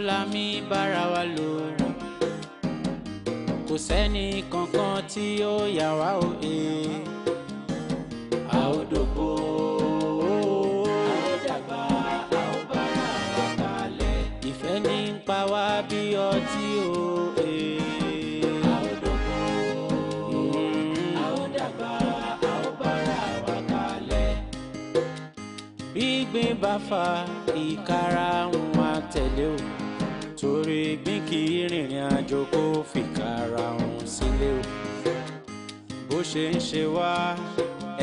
lámì bára wa lò kò sẹ́ni kankan tí ó yà wá òye àódògbò. ìfẹ́ ní ń pa wá bí ọtí o. gbígbín bá fa ìkarahun àtẹ̀lé o torí ìgbín kì í rìnrìn àjò kó fìkàrà ọ̀hún sílé o bó ṣe ń ṣe wá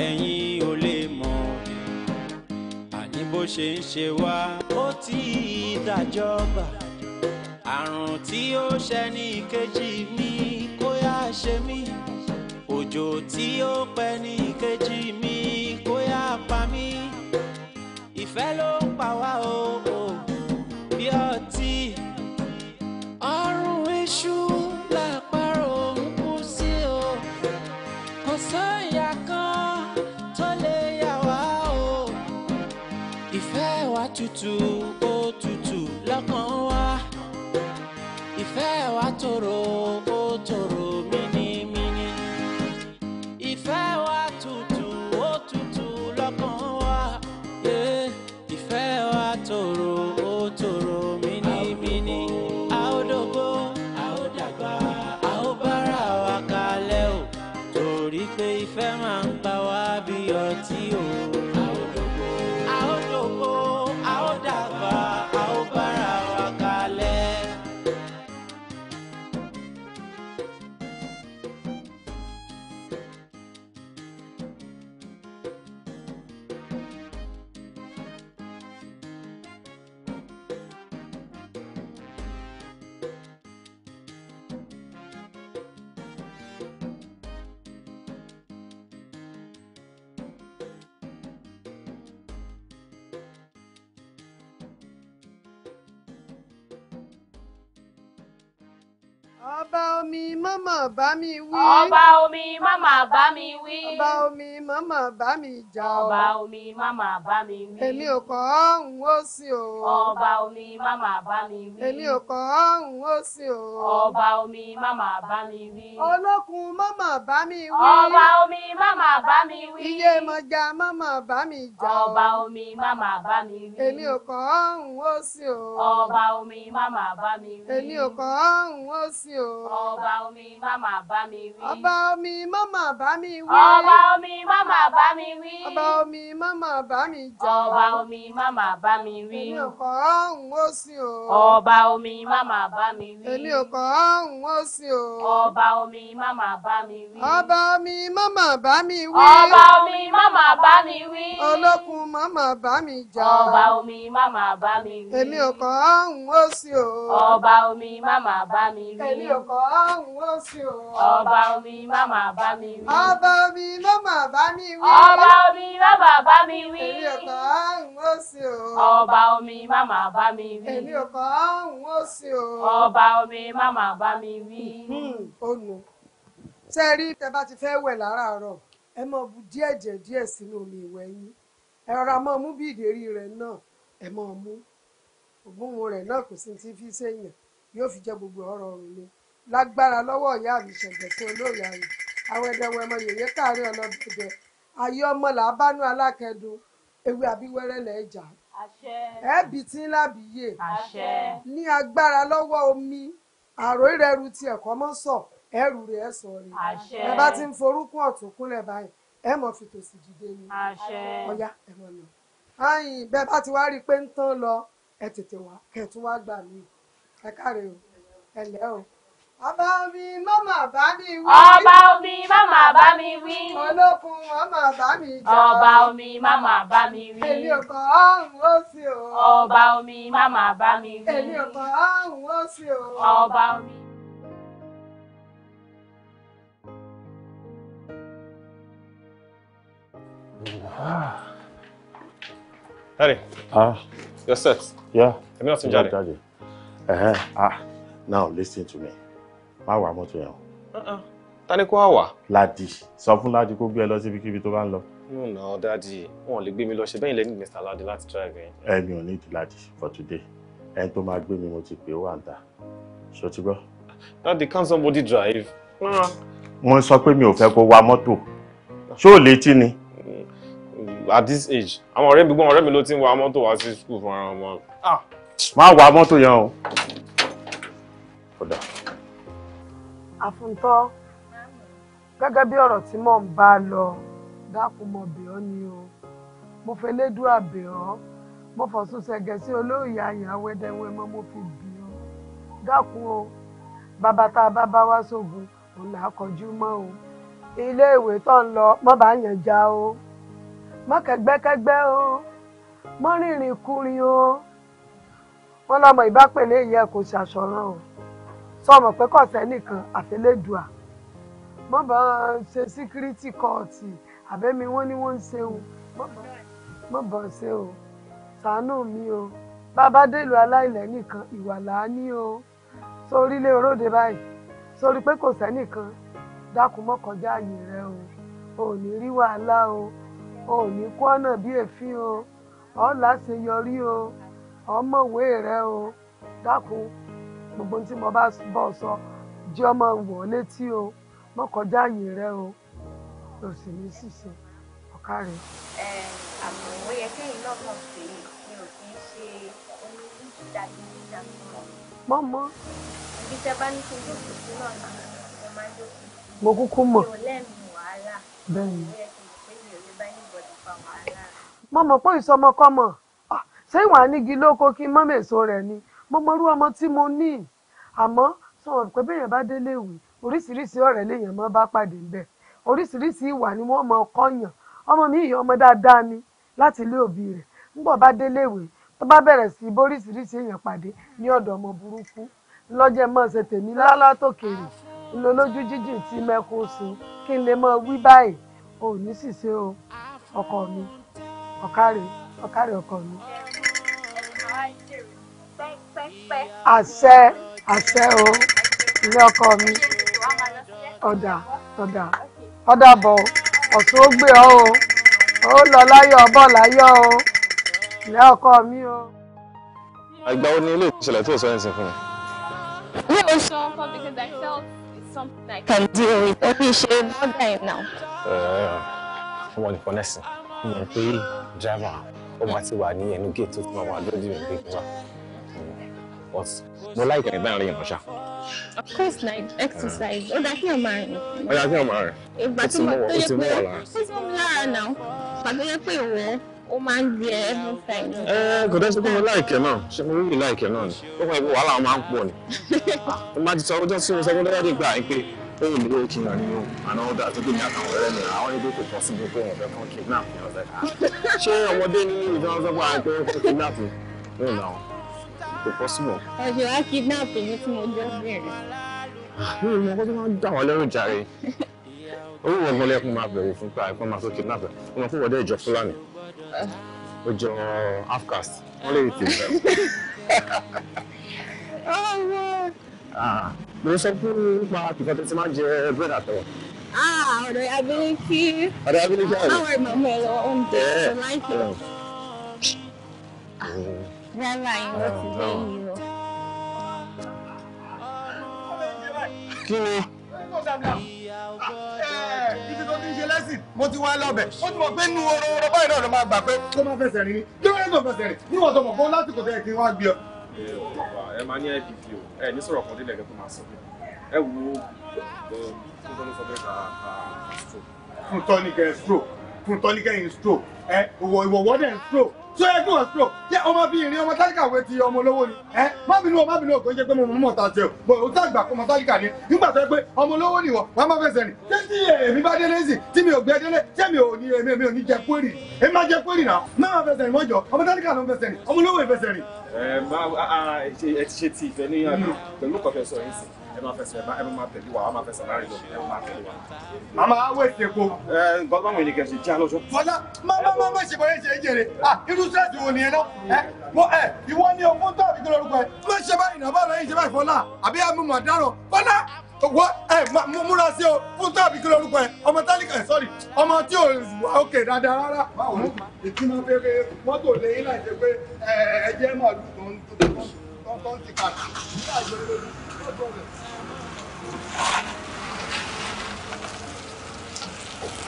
ẹ̀yin ò lè mọ̀ àní bó ṣe ń ṣe wá ó ti dàjọba àrùn tí ó ṣe ní ìkejì mi kó yá ṣe mí òjò tí ó pẹ́ ní ìkejì mi kó yá pa mí ìfẹ́ ló ń pa wá o bí òtútù òtútù lọ́kàn wa ìfẹ́ wa tòrò. omi mọ́mọ́ bá mi wí. ọba omi mọ́mọ́ bá mi wí. ọba omi mọ́mọ́ bá mi jà o. ọba omi mama, bá mi wí. èmi ò kọ̀ ọ́ ń ó sí o. ọba omi mọ́mọ́ bá mi wí. èmi ò kọ̀ ọ́ ń ó sí o. ọba omi mọ́mọ́ bá mi wí. olókun mọ́mọ́ bá mi wí. ọba omi mọ́mọ́ bá mi wí. iye mọ̀já mọ́mọ́ bá mi jà o. ọba omi mọ́mọ́ bá mi wí. èmi ò kọ̀ ọ́ ń ó sí o. ọba omi mọ́mọ́ bá mi wí. èmi ò kọ̀ ọ́ ń ó sí o. ọba omi má máa bá mi wí. ọba omi má máa bá mi wí. ọba omi má máa bá mi wí. ọba omi mama, máa bá mi jà. ọba omi má máa bá mi wí. èmi ò kọ́ ọ̀hún ó sì o. ọba omi má máa bá mi wí. èmi ò kọ́ ọ̀hún ó sì o. ọba omi má bá mi wí. ọba omi má bá mi wí. ọba omi má bá mi wí. olókun má bá mi jà. ọba omi má bá mi wí. èmi ò kọ́ ọ̀hún ó sì o. ọba omi má bá mi wí. èmi ò kọ́ ọ̀hún ọlọ́run ó ṣe o. ọba omi má máa bá mi wí. ọba omi má máa bá mi wí. ọba omi má máa bá mi wí. èmi ò kọ́ ọ̀hún ó ṣe o. ọba omi má máa bá mi wí. èmi ò kọ́ ọ̀hún ó ṣe o. ọba omi má máa bá mi wí. ọ̀nà hmm, ṣe rí tẹ bá ti fẹ́ wẹ̀ láràárọ̀ ẹ máa bu díẹ̀ jẹ̀ díẹ̀ sínú omi ìwẹ̀ yín ẹ rọra máa mú bí ìdérí rẹ̀ náà ẹ máa mú ògùn rẹ̀ náà kò sí ti fi ṣèyàn yóò fi jẹ́ gbogbo ọ̀rọ̀ ọ̀run ni lágbára lọ́wọ́ ìyá mi ṣẹ̀gbẹ̀tẹ̀ olóòyè ayò àwẹ̀dẹ̀wẹ̀ ọmọ yèyé káàárẹ̀ ọlọ́dẹ̀dẹ̀ ayé ọmọ làbánú alákẹ́dùn ewé àbíwẹ́rẹ́ lẹ̀ jà ẹ̀ẹ́bì tí ń lábìyè ní agbára lọ́wọ́ omi àrò ìrẹ́rù ti ẹ̀kọ́ mọ́ sọ ẹrù rẹ̀ ẹ̀ sọ rẹ̀ ẹ bá ti ń forúkún ọ̀tún kúnlẹ̀ báyìí ẹ mọ̀ fi tòsì dìde ni ọ̀yá ẹ mọ̀ lọ. ayin bẹ́ẹ̀ bá ti wá rí i pé ń tán lọ ẹ tètè wá kẹ́ẹ̀ tún wá gbà mí ẹ káre o ẹ lẹ́ o ọba omi mama bá mi wí. ọba omi mama bá mi wí. olókun mama bá mi jà. ọba omi mama bá mi wí. èmi ò kọ ó sí o. ọba omi mama bá mi wí. èmi ò kọ ó sí o. ọba omi. Ah. Harry. Ah. You're set. Yeah. Èmi náà ti jáde. Ah, Now listen to me má wà mọ́tò yẹn o. Uh-uh. ta ni kó wá wà. Ladi sọ fún Ladi kó gbé ẹ lọ síbikíbi tó bá ń lọ. no no dadi wọn ò lè gbé mi lọ ṣe bẹ́ẹ̀ lẹ́yìn Mr. Ladi láti drive yẹn. ẹ mi ò ní ìdí Ladi for today ẹni tó máa gbé mi mo ti pè ó wà ń ta ṣó ti gbọ́. dadi can somebody drive. wọ́n sọ pé mi ò fẹ́ kó wa mọ́tò ṣó ò létí ni. Mm, at this age àwọn ọ̀rẹ́ mi gbọ́n ọ̀rẹ́ mi ló ti ń wa mọ́tò wá sí school fún ara wọn. má wa mọ́tò yẹn o àfúntọ́ gẹ́gẹ́ bí ọ̀rọ̀ tí mò ń bá lọ dákun mo bẹ̀ ọ́ ni o mo fẹ́ lẹ́dùn àbẹ̀ mo fọ̀sùn ṣẹ̀gẹ̀ sí olóòyè àyàn awẹ́dẹ́wẹ́ mọ́ mo fi bì ọ́ dákun o bàbá tá a bá bá wá sógun òun là á kọjú mọ́ o iléèwé tó ń lọ mọ́ bá yàn já o mọ́ kẹgbẹ́kẹgbẹ́ o mọ́ rìnrìn kúrin o wọ́n lọ́mọ ìbápẹ̀lẹ́ ìyẹ́ kò ṣàṣọ̀ràn o sọmọ pé kọ̀sẹ́ nìkan àfẹlẹ́dùà mọ̀ bá ṣe síkírítì kọ́ọ̀tì àbẹ́mi wọ́n ní wọ́n ń ṣe o mọ̀ bá ṣe o ṣàánú mi o bàbá dèlù aláìlẹ́ nìkan ìwà làání o sórí lé oróde báyìí sórí pé kò sẹ́nìkan dákun mọ́kànjá ààyè rẹ o ò ní rí wàhálà o ò ní kú ọ̀nà bí èéfín o ọ̀ láṣeyọrí o ọmọwé rẹ o dákun gbogbo tí mo bá bọ̀ sọ jẹ́ ọmọ wọ̀ létí o mọ́ kọjá yìí rẹ o lọ sí ní ṣìṣe ọ̀ká rẹ. àmọ́ ó yẹ kẹ́yìn náà mọ̀ pé mi ò kì í ṣe onídàájú nígbà tó mọ̀. mọ́ mọ́. ibi tẹ bá ní kí n jókòó sí náà ni mo máa jókòó. mo kúkú mọ̀. mi ò lẹ́nu wàhálà. bẹ́ẹ̀ni. ó yẹ kí n pè ah, ṣé ìwà nígi lóko kí mọ́mẹ́sọ rẹ̀ ni mo mọ irú ọmọ tí mo ní àmọ́ sọ wọn pé béèyàn bá délé ìwé oríṣiríṣi ọ̀rẹ́ lèèyàn máa bá pàdé ńbẹ̀ oríṣiríṣi ìwà ni wọ́n máa kọ́yàn ọmọ mi ìyá ọmọ dáadáa ni láti ilé òbí rẹ̀ ńgbọ̀ bá délé ìwé tó bá bẹ̀rẹ̀ sí bóríṣiríṣi èèyàn pàdé ní ọ̀dọ̀ ọmọ burúkú lọ́jẹ́ mọ́ ṣe tèmi lálá tó kéré ńlọlójú jíjìn tí mẹ́kún sí kí n lè mọ wí báyìí ò ní sì ṣe o ọkọ mi ọ̀kárẹ̀ ọ̀kárẹ̀ ọkọ mi àṣẹ àṣẹ o ilé ọkọ mi ọ̀dà ọ̀dà ọ̀dà bọ̀ ọ̀sùn ó gbé ọ o ó lọ láyọ̀ ọbọ̀ láyọ̀ o ilé ọkọ mi o. àgbà wo ni ilé ìṣẹ̀lẹ̀ tó sọ ẹ̀sìn fún mi. mi ò sọ ọkọ because I felt it's something I can deal with ó ní ṣe bọ́dà yìí náà. wọ́n ní fọ́nẹ́sì mo mọ̀ pé driver ó máa ti wà ní ẹnu gate tó máa wà lójú ìgbé wa but mo láìka ìgbà rẹ̀ yẹn ṣá. of course like exercise ó dá kí ọ̀ máa rìn. ó dá kí ọ̀ máa rìn. ìgbà tó mọ̀ tó yẹ pé ó ti mú lára náà ìgbà tó yẹ pé ìwọ ó máa ń gbé every time. ẹ kò dẹ́sí pé mo láìkẹ́ náà ṣé mo rí láìkẹ́ náà ni ó máa ń bọ̀ wàhálà máa ń pọ̀ ni. mo máa ti sọ ọjọ́ tí mo sọ pé lọ́wọ́ dé gbà pé ohun mi yóò kí n àníyàn àná ó dáa tó gbé ní àtàwọn ọ̀rẹ́ mi àwọn ẹgbẹ́ kò pọ̀ síbi pé wọ́n fẹ́ kàn kidnap ní ọ̀sẹ̀ kò fọ́ sí mọ́. ọ̀sẹ̀ wá kidnap èmi tí mo jọ bẹ̀rẹ̀. Ah, mi ò mọ kó tó máa ń kidnap ẹ̀ wọ́n máa kó wọ́dẹ̀ afcast wọ́n lè tè bẹ́ẹ̀. Ah, mo sọ fún nípa kíkọ́ tó ti máa jẹ bẹ́ẹ̀ àtọwọ́. Ah, ọ̀rọ̀ abiliki ọ̀rọ̀ abiliki ọ̀rọ̀ àwọn rárá irọ́ ti lẹ́yìn irọ́. Eh, mo ti wá lọ́bẹ̀ ó ti mọ̀ pé inú oró oró báyìí náà ló máa gbà pé kó má fẹsẹ̀ rìn ní kí wọ́n tó fẹsẹ̀ rìn níwọ̀n tó mọ̀ kó lásìkò tẹ̀ kí wọ́n á gbé ọ. ẹ máa ní fdp o ẹ ní sọ̀rọ̀ kan délẹ̀ tó máa sọ ẹ wo kí ló sọ bẹ́ẹ̀ ká stroke. fún tọ́ni kẹ́ stroke fún tọ́ni kẹ́ in stroke ẹ ìwọ̀ ìwọ̀ wọ́dẹ̀ stroke tó yẹ kí wọ́n sọ jẹ́ ọmọbìnrin ọmọ tálíkà wé ti ọmọ olówó ni ẹ má bínú o má bínú o kò ń jẹ́ pé mo mọ̀ ta jẹ o bò ó tàgbà kó ọmọ tálíkà ni nígbà tó yẹ pé ọmọ olówó ni wọ́n wọ́n máa fẹsẹ̀ rìn ṣé tí èmi bá délé sí tí mi ò gbé délé ṣé mi ò ní èmi mi ò ní jẹ kúrì èmi máa jẹ kúrì náà má máa fẹsẹ̀ rìn mọ́jọ ọmọ tálíkà ló ń fẹsẹ̀ rìn ọmọ olówó ì ẹ máa fẹsẹ̀ ẹ máa tẹ̀lé wa ẹ máa fẹsẹ̀ láàrin lọ ẹ máa tẹ̀lé wa. màmá wé ti epo. ẹ nǹkan báwọn ènìyàn ṣe jẹ́ alọ́jọ́. fọlá máa máa máa ṣe bọ́yẹ̀ ṣe é jèrè irú sẹ́ẹ̀tì wo nìyẹn náà ẹ ìwọ ni ogún tó àbí lórúkọ ẹ má ṣe báyìí náà báwo ló ń ṣe báyìí fọlá àbí ẹ mú mọ̀ dáràn fọlá wọ ẹ múra o fún tó àbí kí lórúkọ ẹ ọmọ tálíkà ẹ sọrí ọmọ tí ò wá òkè dáadáa rárá. báwo ni ìtumọ̀ pé mọ́tò lẹ́yìn láì ṣe pé ẹ ẹ jẹ́ màálù tó ń tó ń tó ń ti kàkà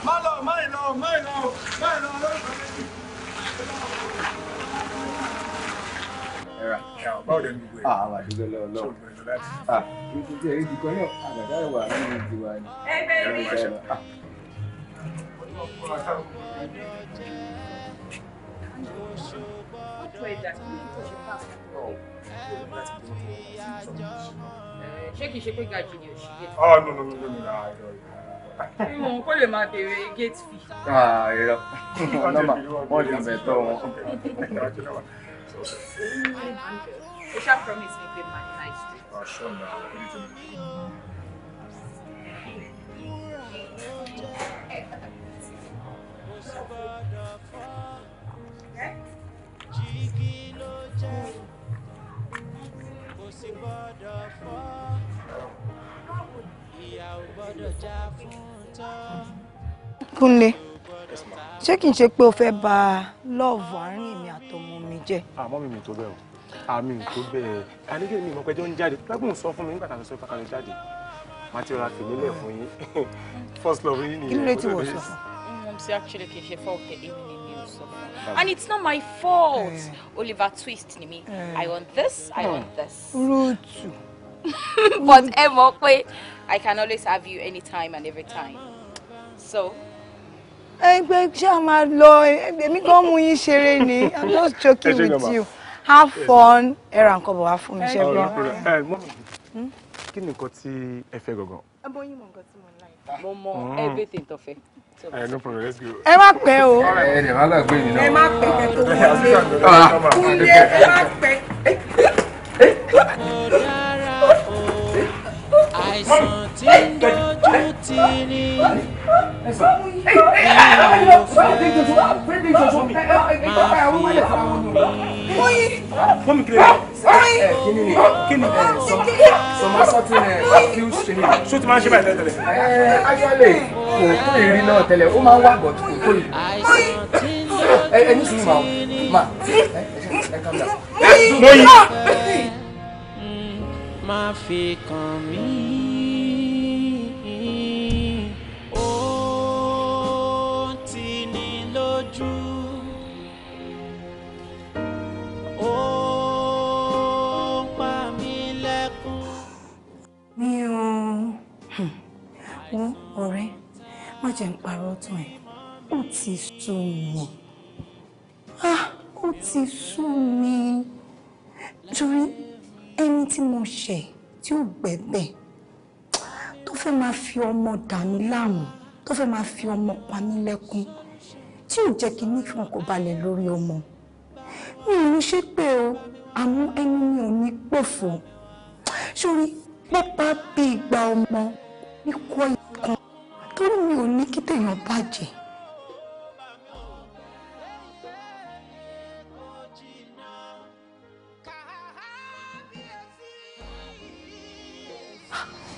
má lọ má lọ ah ṣé kìí ṣe pé gàjì ni òṣìṣẹ́. ọ nù nù nù nù nù àjọ ìwọ̀n kó lè máa béèrè gate fee. ààrẹ ah, nọ́mà wọn lè bẹ tọ wọn. o promise me pé màá ní láì sí. Jigi ló jẹ́ kò sí gbọ́dọ̀ Kúnlé ṣé kì í ṣe pé o fẹ́ bà lọ́ọ̀vù àárín èmi àtọmọ mi jẹ́. àmọ́ ah, mi mi tó bẹ́ẹ̀ o àmì ah, mi tó bẹ́ẹ̀ àníkè mi ìmọ̀ pẹ́jọ́ ń jáde lágbóhùn sọ fún mi nígbà tá a sọ pé kàkàlẹ̀ jáde máa ti rọra tèmi lẹ̀ fún yín first love yín nìyẹn. kí ló dé tí sọ mo ṣe actually kì í ṣe fọ́ ọ̀kẹ́ èmi ni mi ò sọ fún and it's not my fault eh. Oliver Twist ni mi eh. I want this I want this. rúùtù. Whatever, ẹ I can always have you anytime and every time so. I'm just joking with you have fun ẹ ra nǹkan bọ̀ mi ṣe gan. kí ni nǹkan tí ẹ fẹ́ gangan. ẹ bọ́ yín mọ̀ nǹkan mo mo everything tó fẹ́. Ẹ no problem, let's go. Ẹ má pẹ́ o. Ẹ lè má lọ gbé mi náà. Ẹ má pẹ́ kẹ́kọ̀ọ́ wọlé. Kúnlé ẹ má pẹ́ àìsàn ẹ ẹ ní sùúrù màá ma ẹ ẹ calm down. lóyún má fi kàn mí. ó ti ní lójú. ó pa mí lẹ́kún. mi ò wọ́n ọ̀rẹ́ má jẹ́ ń parọ́ tán ẹ̀ ó ti sú mi ah, ó ti sú mi ẹni tí mo ṣẹ̀ tí ò gbẹ̀bẹ̀ tó fẹ́ máa fi ọmọ dà mí láàmú tó fẹ́ máa fi ọmọ pa mí lẹ́kún tí ò jẹ́ kí ní fún kò balẹ̀ lórí ọmọ mi ò ní ṣépè o àmọ́ ẹni mi ò ní pòfò sórí pápá bí ìgbà ọmọ ní kọ́ ìkan torí mi ò ní kí tèèyàn bàjẹ́.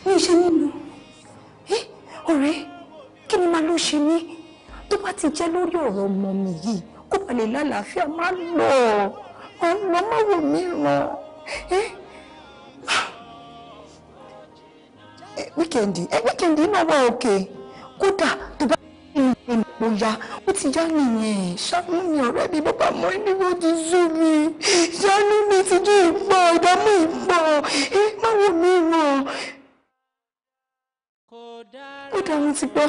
mi ò ṣe nílò ọ̀rẹ́ kí ni màá ló ṣe mí tó bá ti jẹ́ lórí ọ̀rọ̀ ọmọ mi yìí kó bà lè lálàáfíà má lọ má lọ má wò mí ràn wíkẹ̀ndì wíkẹ̀ndì náà wà òkè kódà tó bá ìlú ya ó ti yá nìyẹn ṣàánú mi ọ̀rẹ́ mi bàbá mọ́ ẹni wọ́n ti sú mi ṣàánú mi ti dún ìgbọ́ ìdààmú ìgbọ́ ẹ má wò mí ràn ó dá mo ti gbọ́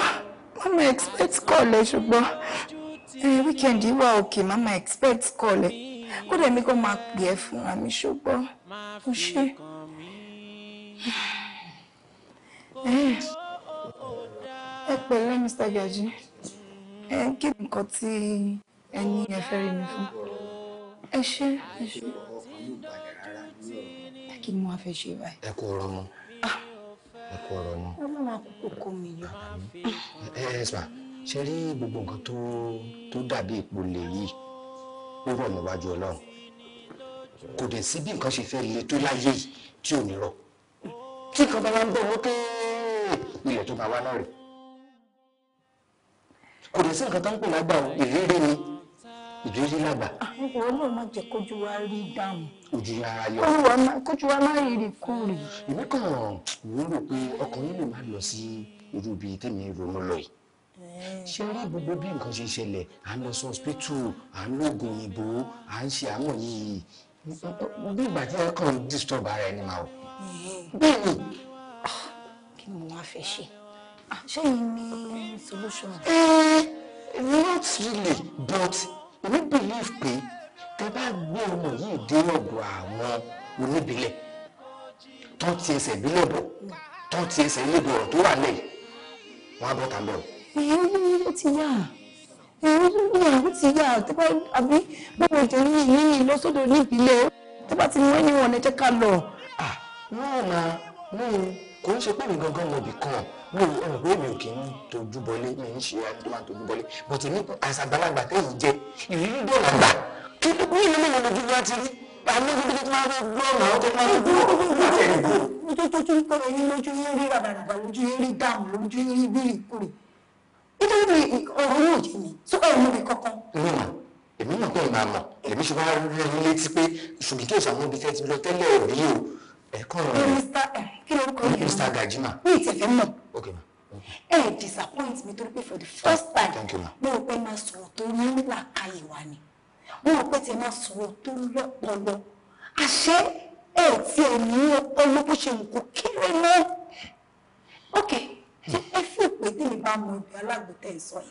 mama expect call ẹ ṣùgbọ́n weekend yìí wà òkè mama expect call ẹ kódà èmi kò máa pè é fúnra mi ṣùgbọ́n mo ṣe. ẹ pẹ̀lẹ́ Mr. Gaji ẹ kí nǹkan tí ẹni ẹ fẹ́ rí mi fún ẹ ṣe ẹ ṣe kí ni wọ́n á fẹ́ ṣe báyìí. ẹ kò rọrùn ẹ kú ọ̀rọ̀ náà. ọlọ́run àkókò kò mí yọ. ẹ ẹ sà ṣe rí gbogbo nǹkan tó tó dàbí ìpolè yìí ó rọ̀ níwájú ọlọ́run kò dẹ̀ sí bí nǹkan ṣe fẹ́ le tó láyé yìí tí ò ní rọ̀ tí kan bá wá ń bọ̀ wọ́n pé ilẹ̀ tó bá wá náà rè kò dẹ̀ sí nǹkan tó ń pè lágbà ìrírí ni ìrírí lágbà. àwọn ah, ọlọ́run má jẹ́ kójú wa rí dáhùn ojú ara yọ. olùwà máa kójú wa máa rèé kú rè. èmi kàn wò ó rò pé ọkàn yín lè má lọ sí irú ibi tẹ́mi ronú lọ yìí. Eh. ṣé rí gbogbo bí nǹkan ṣe ṣẹlẹ̀ à ń lọ sí ọ̀sìpítù à ń lóògùn òyìnbó à ń ṣe àwọn yìí bí ìgbà tí ọkàn ń disturb ara ẹni máa wò. Eh. bẹ́ẹ̀ ni ah, kí ni mo wá fẹ́ ṣe ah, ṣẹ́yìn ni solution. Eh, not really but we believe pé tẹ bá gbé ọmọ yìí dé ọ̀dọ̀ àwọn oníbílẹ̀ tó ti ẹsẹ̀ bílẹ̀ bọ̀ tó ti ẹsẹ̀ lébi ọ̀rọ̀ tó wà lẹ́yìn wọn á bọ́ tà bẹ́ẹ̀ o. èyí ó ti yá èyí ó ti yá tẹ́pẹ́ àbí bọ́mọ ìtòrí yìí ní ìlọsọ́dọ̀ ní ìbílẹ̀ tẹ́pẹ́ ti mú ẹni wọn ẹ jẹ́ ká lọ. náà mà ní kò ń ṣe pé mi gangan mọ̀ bì kan mi ò rò pé mi ò kì í tójú bọlé mi ń ṣe àti tó bọlé bọ̀tẹ̀ ní àṣàgbàlagbà tẹ́yìn jẹ ìrírí dọ̀làgbà kí gbogbo ìlú mi lòdì fún láti rí àwọn gbogbo tó máa ń gbọ́ màá tó máa ń gbọ́ láti rí gbọ́. nítorí tó ti rí pẹ̀lú yín lójú yín rí ràbàràbà lójú yín rí dáhùn lójú yín rí bírì kúrì nítorí ọ̀rọ̀ náà jẹ́ mi tó ẹ̀ mú mi kankan. mímà èmi náà kọ́ ìmọ̀ àmọ̀ èmi ṣe wá rí létí pé ṣùgbọ́n tó sàmú ibi tẹ́ ti lọ tẹ́lẹ̀ rí o ẹ̀kọ́ rẹ̀. kí ló ń kọ́ ìlú. Mr. Gajima. mi ẹ disappoint mi torí pé for the first time mo rò máa sọ̀rọ̀ tó ní làkàyè wa ni wọn ò pé tí ẹ máa sọ̀rọ̀ tó lọ́pọlọ àṣẹ ẹ ò tí ẹ ní ọpọlọ bó ṣe nǹkó kéré náà ok ṣé ẹ fún ìpè tí mi bá mọ ibi alágbètẹ ìsọ yìí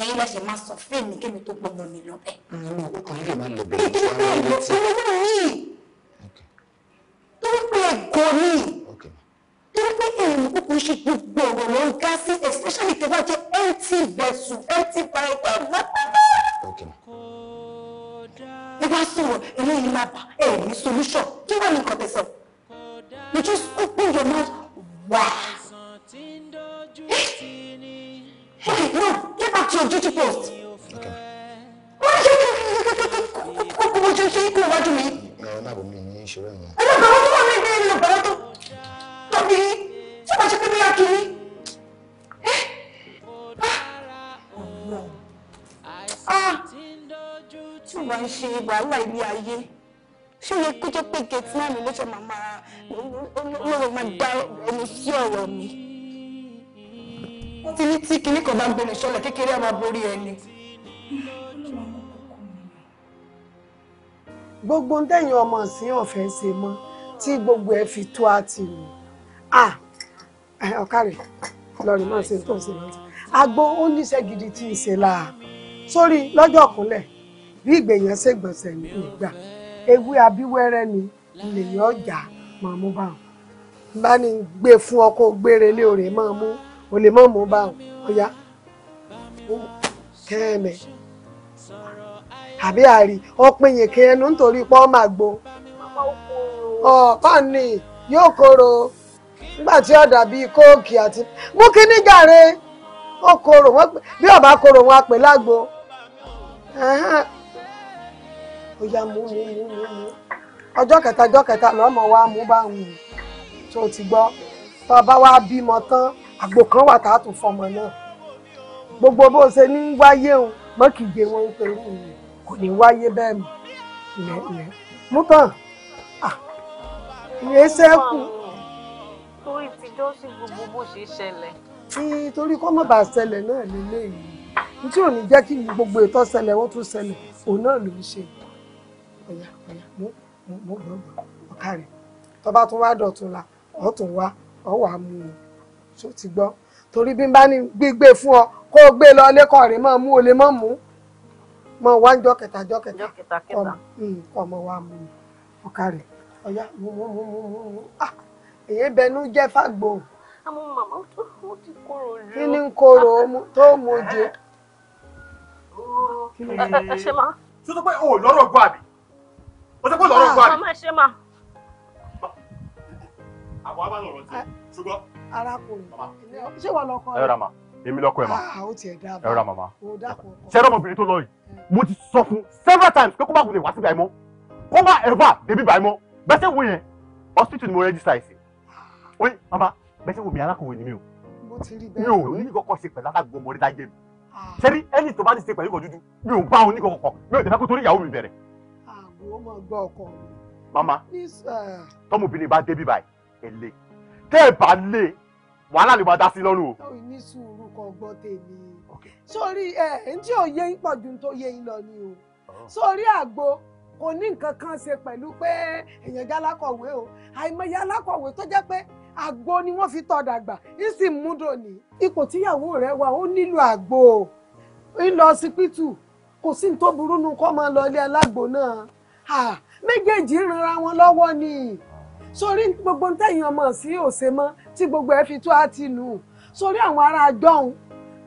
ẹ̀yin lẹsẹ máa sọ fẹmi kémi tó gbọmọ mi lọ bẹ́ẹ̀. nínú ọkàn yìí lè máa tó ń pè ẹ̀kọ́ ni tó ń pè èèyàn kúkú ṣe gbogbo ọ̀rọ̀ ló ń ká sí especially tó bá jẹ́ empty vessel empty pipe ẹ wá sọ̀rọ̀ eléyìí máa bá ẹ ní solution kí wọ́n ní nǹkan tẹ̀sán you just open your mouth wá. Hey, no, get back to your duty post. Okay. Kókó ojú sí ikú iwájú mi. Ẹ̀rọ náà bò mí ní ìṣòro ẹ̀wọ̀n. Ẹ̀rọ bàbá tó wà ní ilé ìlú bàbá tó tóbi tí wọ́n ṣe pé bí akiri. Ah! tí wàá ń ṣe wàhálà ilé ayé ṣé yẹ kó jẹ́ pé gẹ̀ẹ́tì náà mi ló ṣe màmá lóore máa dá omi sí ọ̀rọ̀ mi. wọ́n ti ní tí kinní kan bá gbé ní sọ́lẹ̀ kékeré á máa borí ẹni. gbogbo ń dẹ̀yìn ọmọ sí ọ̀fẹ́ ṣe mọ́ tí gbogbo ẹ̀ fi tó a ti rù ọ̀kàrẹ̀ lọ́rùn máa ṣe tó ṣe lọ́tọ̀ àgbo ó níṣẹ́ gidi tí ì ṣe láà sórí lọ́jọ́ ọ̀kúnlẹ̀ bí ìgbèyàn ṣègbọ̀nsẹ̀ nígbà ewé abíwẹ́rẹ́ ni lèyàn ọjà máa mú bá wọn bá ní gbé fún ọkọ gbére lé òrè máa mú òlè máa mú bá wọn ọyá kẹ́ẹ̀mẹ́ àbí àrí ọpin yìí kẹ́ẹ̀ nù nítorí pọ́ máa ọba kóró wọn lágbo. ó yá mú mú mú mú mú ọjọ́ kẹta ọjọ́ kẹta lọ́mọ wa mú bá ń wù tó ti gbọ́ tó bá wá bímọ tán àgbò kan wà tá a tún fọmọ náà gbogbo bó ṣe ní wáyé o mọ́kìgé wọn ń pe kò ní wáyé bẹ́ẹ̀ mọ́ ilẹ̀ ilẹ̀ mú tán ìyẹn sẹ́kù. torí ti jọ́sìn gbogbo bó ṣe ṣẹlẹ̀. torí kọ́ mọ̀ bá ṣẹlẹ̀ náà lélẹ́yìí tí ò ní jẹ́ kí gbogbo ètò ṣẹlẹ̀ wọ́n tún ṣẹlẹ̀ òun náà ló ń ṣe ọ̀yà ọ̀yà mo mo gbọ̀n gbọ̀n ọ̀ká rẹ̀ tó bá tún wá dọ̀tún la ọ̀ tún wá ọ̀ wà mú un ṣó ti gbọ́ torí bí n bá ní gbígbé fún ọ kó o gbé lọ lẹ́kọ̀ọ́ rẹ̀ mọ́ mú o lè mọ́ mú mọ́ wá ń jọ́kẹta jọ́kẹta ọmọ mm, wa mú un ọ̀ká rẹ̀ ọ̀yà mo mo mo mo mo mo ah èyí bẹnu jẹ́ fàgbò. àmọ́ màmá tó ti kóró jù. kí ni kóró tó mojú. ṣé máa. tó tó pé o ò lọ́rọ̀ gbọ́ àbí o ti kó lọ́rọ̀ gbà. Ah, ọmọ ṣe mà. àpò abá lọ̀rọ̀ tiẹ̀ ah, ṣùgbọ́n. arákùnrin ṣé wà lọkọ rẹ. ẹ rà mà èmi lọkọ ẹ mà. Ah, ẹ rà màmá. ṣé ẹrọ ọmọbìnrin tó lọ yìí eh. mo ti sọ fún several times pé kó má wulẹ̀ wá síbi àìmọ́ kó má ever débi bàìmọ́ bẹ́sẹ̀ wo yẹn hospital ni mo register sí. oye màmá bẹ́sẹ̀ wo mi alákùnrin ni mi o. mo ti rí bẹ́ẹ̀ mi ò ní kọ́kọ́ ṣe pẹ̀lú alágbọ̀n mọ̀rí láyé mi. ṣé rí ẹni tó bá ti ṣe pẹ̀lú ìkọ̀ dúdú mi ò bá òun ní kọ̀kọ̀ mi ò tẹ̀lé kó torí ìyàwó mi bẹ̀rẹ̀ mama uh, tọmọbìnrin bá débi báyìí ẹ lé tẹ ẹ bá lé wàhálà lè máa dá sí lọ́rùn o. ó ní sùúrù kan gbọ́ tèmi sórí ẹ ẹ tí ò yẹ yín pọ̀ ju tó yẹ yín lọ ni o oh. sórí àgbo kò ní nǹkan kan ṣe pẹ̀lú pé èèyàn já lákọ̀wé o àìmọye alákọ̀wé tó jẹ́ pé àgbo ni wọ́n fi tọ́ dàgbà ń sì múdò ní ipò tíyàwó rẹ wà ó nílò àgbo ń kò sí ní tó burú nu kọ́ máa lọ ilé alágbo náà méjèèjì ranra wọn lọ́wọ́ ni sórí gbogbo tẹ̀yìn ọmọ sí òsè mọ́ tí gbogbo ẹ̀ fi tó àti nù sórí àwọn ará àjọhún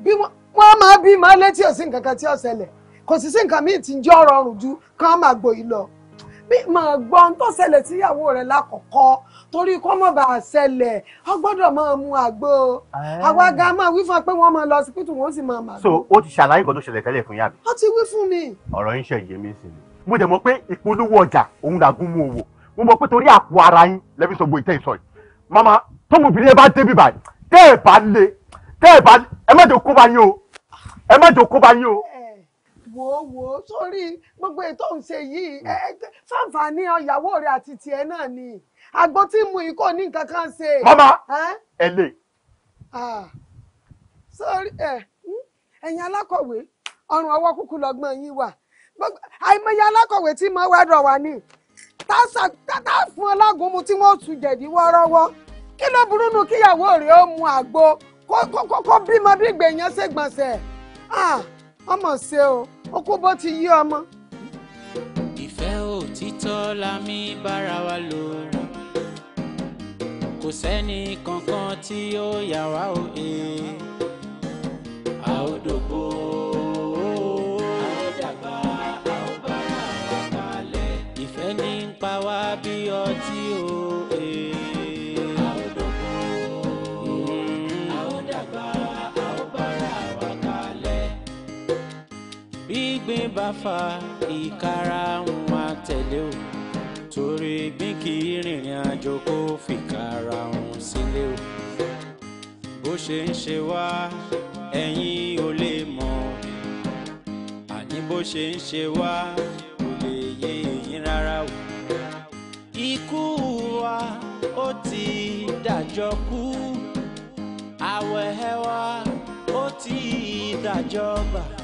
bí wọ́n máa bí máa létí òsì nǹkan kan tí ó ṣẹlẹ̀ kò sì sí nǹkan míì tí ń jẹ́ ọ̀rọ̀ ọ̀rùn ju kán máa gbòyìí lọ bí màá gbọ́ ohun tó ṣẹlẹ̀ síyàwó rẹ̀ lákọ̀ọ́kọ́ torí kó mọ̀ bá ṣẹlẹ̀ ọ gbọ́dọ̀ máa mu àgbo àwa ga máa wí fún ọ pé wọ́n máa lọ sípítù wọ́n sì máa màgbó. so ó ti ṣàlàyé nǹkan tó ṣẹlẹ̀ tẹ́lẹ̀ fún yàrá. ó ti wí fún mi. ọ̀rọ̀ yín ṣẹ̀yẹ mi sì ni mo dẹ̀ mọ̀ pé ìpolówó ọjà òun làgùn mú owó mo mọ̀ pé torí àpò ara yín lẹ́bí sọ gbogbo ìtẹ́ ìsọ yìí mama tọmọbìnrin ẹ bá débi báyìí tẹ́ ẹ bá lé tẹ́ ẹ bá ẹ má jẹ́ kó bá yín o ẹ má jẹ́ kó bá yín o wò ó wò ó sórí gbogbo ètò ìṣe yìí fáǹfààní ọ̀yàwó rẹ̀ àti tiẹ̀ náà ni àgbo tí mu yìí kò ní nǹkan kan ṣe. mama ẹ lè. sórí hmm, ẹ̀yin alákọ̀wé ọrùn ọwọ́ kúkú lọ́gbọ́n yín wà àìmọye alákọ̀wé tí mo wá rọ̀ wá ní tá a fún ọlágun mu tí wọ́n sùn jẹ̀dí wọ́ọ́rọ́wọ́ kí ló burú nu kíyàwó rẹ̀ ó mu àgbo kó bímọ bí gbèyàn ṣe gbọ̀nsẹ̀ ọmọ ṣe o ó kú bó ti yí ọmọ. ìfẹ́ òtítọ́ la mi bára wa lò kò sẹ́ni kankan tí ó yà wá òye àódògbò. bá fa ìkara ń máa tẹ̀lé o torí gbín kì í rìnrìn àjò kó fìkara ọ̀hún sílé o bó ṣe ń ṣe wá ẹ̀yin ò lè mọ̀ àní bó ṣe ń ṣe wá kò lè yé yín rárá o ikú wa ó ti dàjọ kú àwẹ̀ wa ó ti dàjọ gbà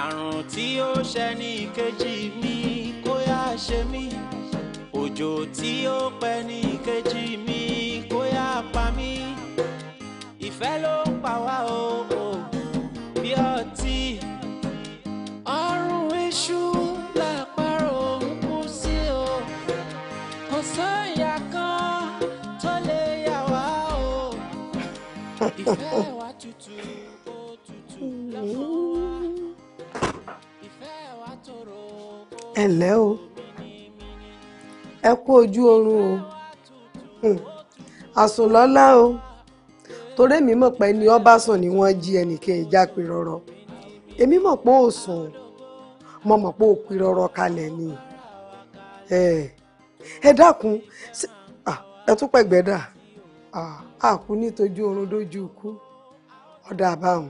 àrùn tí ó ṣe ní ìkejì mi kó yá ṣe mí òjò tí ó pẹ́ ní ìkejì mi kó yá pa mí ìfẹ́ ló ń pa wá o bí ọtí ọrùn iṣu làpárò ń kú sí o kò sóyà kan tó lè yà wá o ìfẹ́ wa tutù ó tutù lọ́fọ́. ẹ ǹlẹ́ o ẹ kú ojú oorun o hmm. àsùnlọ́lá o torí èmi mọ̀ pé ní ọbàṣàn ni wọ́n jí ẹnìkan ìjápè rọ̀rọ̀ èmi mọ̀ pé ó sùn mo mọ̀ pé ó pè rọ̀rọ̀ kalẹ̀ ni ẹ dákun ẹ tún pẹ̀gbẹ́ dà á kú nítojú oorun dójú ikú ọ̀dà àbáhùn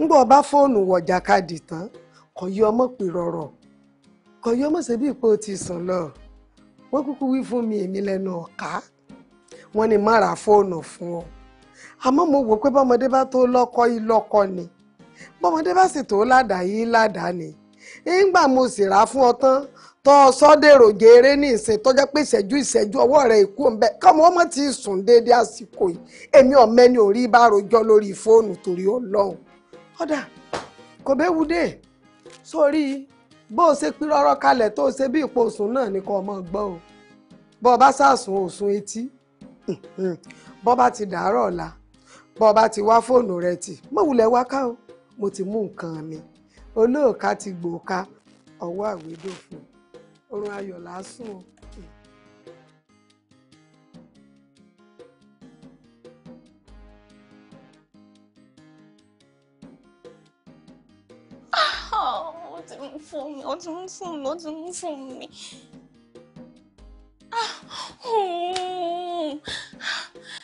ńgbọ́ ọba fóònù wọ̀jà kadì tán kò yí ọmọ pè rọ̀rọ̀. kọ̀yọ́ mọ̀sẹ̀ bí ipò ti sùn lọ wọ́n kúkú wí fún mi èmi lẹ́nu ọ̀ká wọ́n ní má ra fóònù fún ọ àmọ́ mo wò pé bọ́mọdé bá tó lọ́kọ́ yìí lọ́kọ́ ni bọ́mọdé bá sì tó ládàá yìí ládàá ni ńgbà mo sì rà fún ọ tán tọ́ ọ sọ́dẹ̀rò geere ní ìsìn tọ́jọ́ pé ìṣẹ́jú ìṣẹ́jú ọwọ́ rẹ̀ ikú ń bẹ kọ́mọ ọmọ ti sùn déédéé àsìkò yìí èmi ọ̀mẹ́ni ò rí bá rojọ́ lórí fóònù torí ọlọ́run ọ̀dà kò bẹ́ẹ̀ wú dé sórí bó o ṣe pírọ́rọ́ kalẹ̀ tó o ṣe bí ipò òsùn náà ni kò mọ̀ gbọ́ o bó o bá sàsùn òsùn etí bó o bá ti dàárọ̀ ọ̀la bó o bá ti wá fóònù rẹ tì mọ̀wulẹ̀ wá ká o mo ti mú nǹkan mi olóòka ti gbòòka ọwọ́ àwédò fún un oorun ayọ̀ lásùn o. ti ń fún mi ó ti ń fún mi ó ti ń fún mi.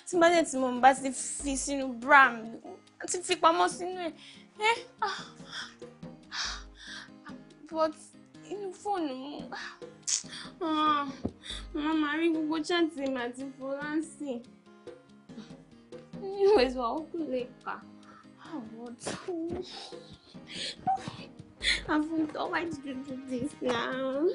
tí bá dẹ̀ tí mo bá ti fi sínú but inú fóònù mu màmá máa rí gbogbo chaatì màtí fọláǹsì nínú ìwé ìwà ó kò lè kà àwọn tó. I feel so much to do this now.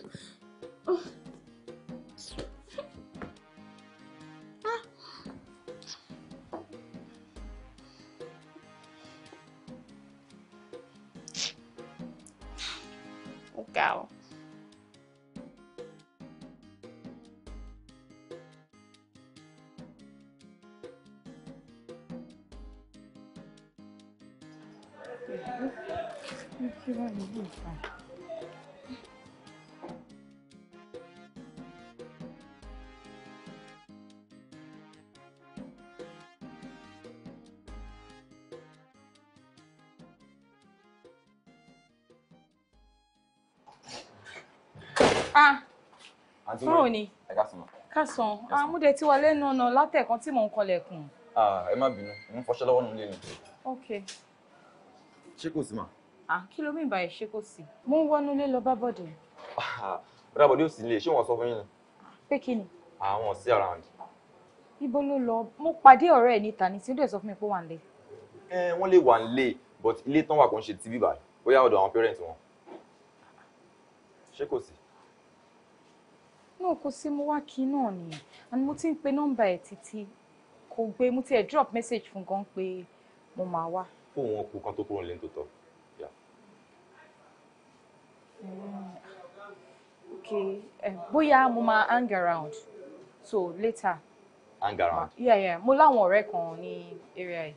báwo ni kásán àmúdẹ tí wà lẹ́nu ọ̀nà látẹ̀kan tí mò ń kọlẹ̀kùn. ẹ má bínú mo ń fọṣọ lọ́wọ́ nílé ni. ok. ṣé kò sí mà. à kí ló mìíràn báyìí ṣé kò sí. mo ń wọnú ilé lọ bá bọ̀dẹ̀. bọ́dà bọ́dẹ̀ ò sí ilé ṣé wọ́n sọ fún yín ni. pé kí ni. àwọn sí around. ibo ló lọ mo pàdé ọ̀rẹ́ ẹ̀ níta ní síndẹ̀ sọ fún mi pé wà ń lé. wọ́n lè wà ń lé but ilé tán wà kó ń ṣe tv báyìí bóyá ọ̀dọ̀ àwọn parents wọn ṣé kò sí náà kò sí mo wá kí náà ni and mo ti ń pe nọ́mbà ẹ̀ títí kò gbé mo ti ẹ̀ drop message fún gan pé mo máa wá. fóun wọn kú kan tó kúrò nílé tó tọ. Mm, ok eh, bóyá mo máa hang around so later. hang around. yeah yeah mo láwọn ọ̀rẹ́ kan ní area yìí.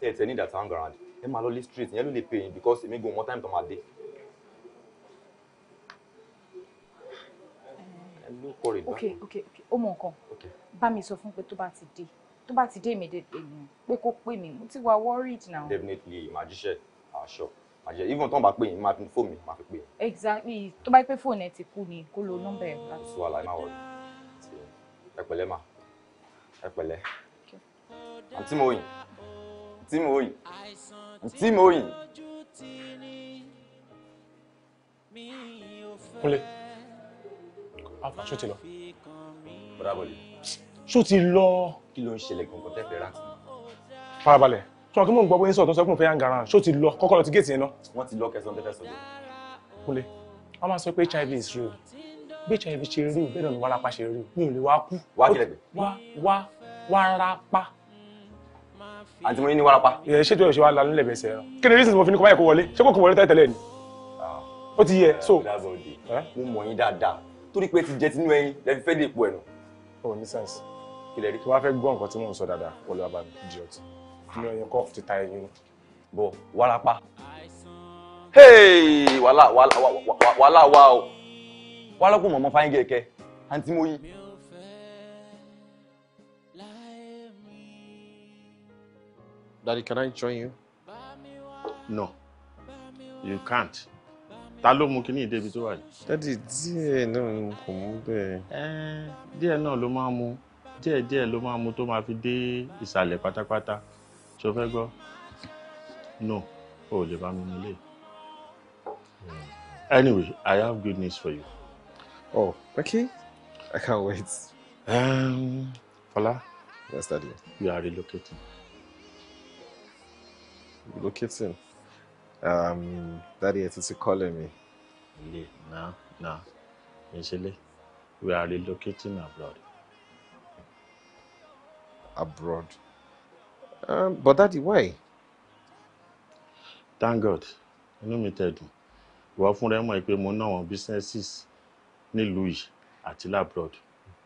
ẹ tẹ ní ìdàtà hang around ẹ máa lọ lé street yẹn ló lè pè yín because èmi gan one time tó máa dé. ló kọ rè dákun. ok ok ok ó mọ nǹkan bá mi sọ fún pé tó bá ti dé tó bá ti dé mi dé pé kó pè mí mo ti wà worried now. definitely màá jíṣẹ́ àṣọ àṣẹ even tán bá pè yín máa fi fóònù máa fi pè yín. exactly tó bá yẹ pé fóònù ẹ ti kú ni kó lo nọ́mbà ẹ. kò sí wàhálà ẹ má wọlé ẹ pẹ̀lẹ́ mà ẹ pẹ̀lẹ́ àǹtí mo yìn àǹtí mo yìn àǹtí mo yìn. kúnlẹ̀ alfa ah, ṣó ti lọ. bọ́dà bọ́lì. ṣó ti lọ. kí ló ń ṣẹlẹ̀ gbọ̀ngàn tẹ́ fẹ́ rà. farabalẹ̀ sọ kí mò ń gbọ́ bóyá sọ̀tún sọ́kùn fẹ́ àǹgàrà ṣó ti lọ kọ́kọ́ lọ ti géètì yẹn náà. wọ́n ti lọ kẹsàn-án tẹ́fẹ́ sọ́dọ̀. kúnlẹ̀ wọ́n máa sọ pé hiv is real bí hiv ṣe rí o bẹ́ẹ̀ ni wárápá ṣe rí o mi ò lè wá kú. wá kílẹ̀ wá wá wárápá. àǹtí mo ní ní wárápá. ẹ ṣètò ẹ̀ wá lanú lẹ́bẹ̀ẹ́ sẹ́yìn ni reason mo fi ní kó báyìí kó wọlé ṣé torí pé ti jẹ tinú ẹyin lẹ fi fẹ́ dé o ní sẹ́ǹsì kí lè rí. tí wàá fẹ́ gbọ́ nǹkan tí mò ń sọ dáadáa wọlé wa bá ọtí inú ẹyin kọ́ ti ta ẹyin. bọ warapa wàhálà wa o wàhálà kò fáyín kẹ̀kẹ́ àǹtí mo yí. Daddy, can I join you? No, you can't ta ló mú kíní ìdébi tó wà yìí. dádì díẹ̀ náà ni kò mú bẹ́ẹ̀. díẹ̀ náà ló máa mu díẹ̀ díẹ̀ ló máa mu tó máa fi dé ìsàlẹ̀ pátápátá ṣo fẹ́ gbọ́ no o ò lè bá mi mú lé. anyway i have good news for you. oh okay i can't wait. Um, Fọlá. yes daddy. we are relocating. relocating um, dáàdi is títí kọ́lẹ̀ mi. no. náà náà we are relocating abroad. abroad um, but Daddy, why. thank god inú mi tẹ̀ dùn ìwọ fúnra ẹ mọ̀ pé mo ná àwọn businesses nílùú yìí àti abroad.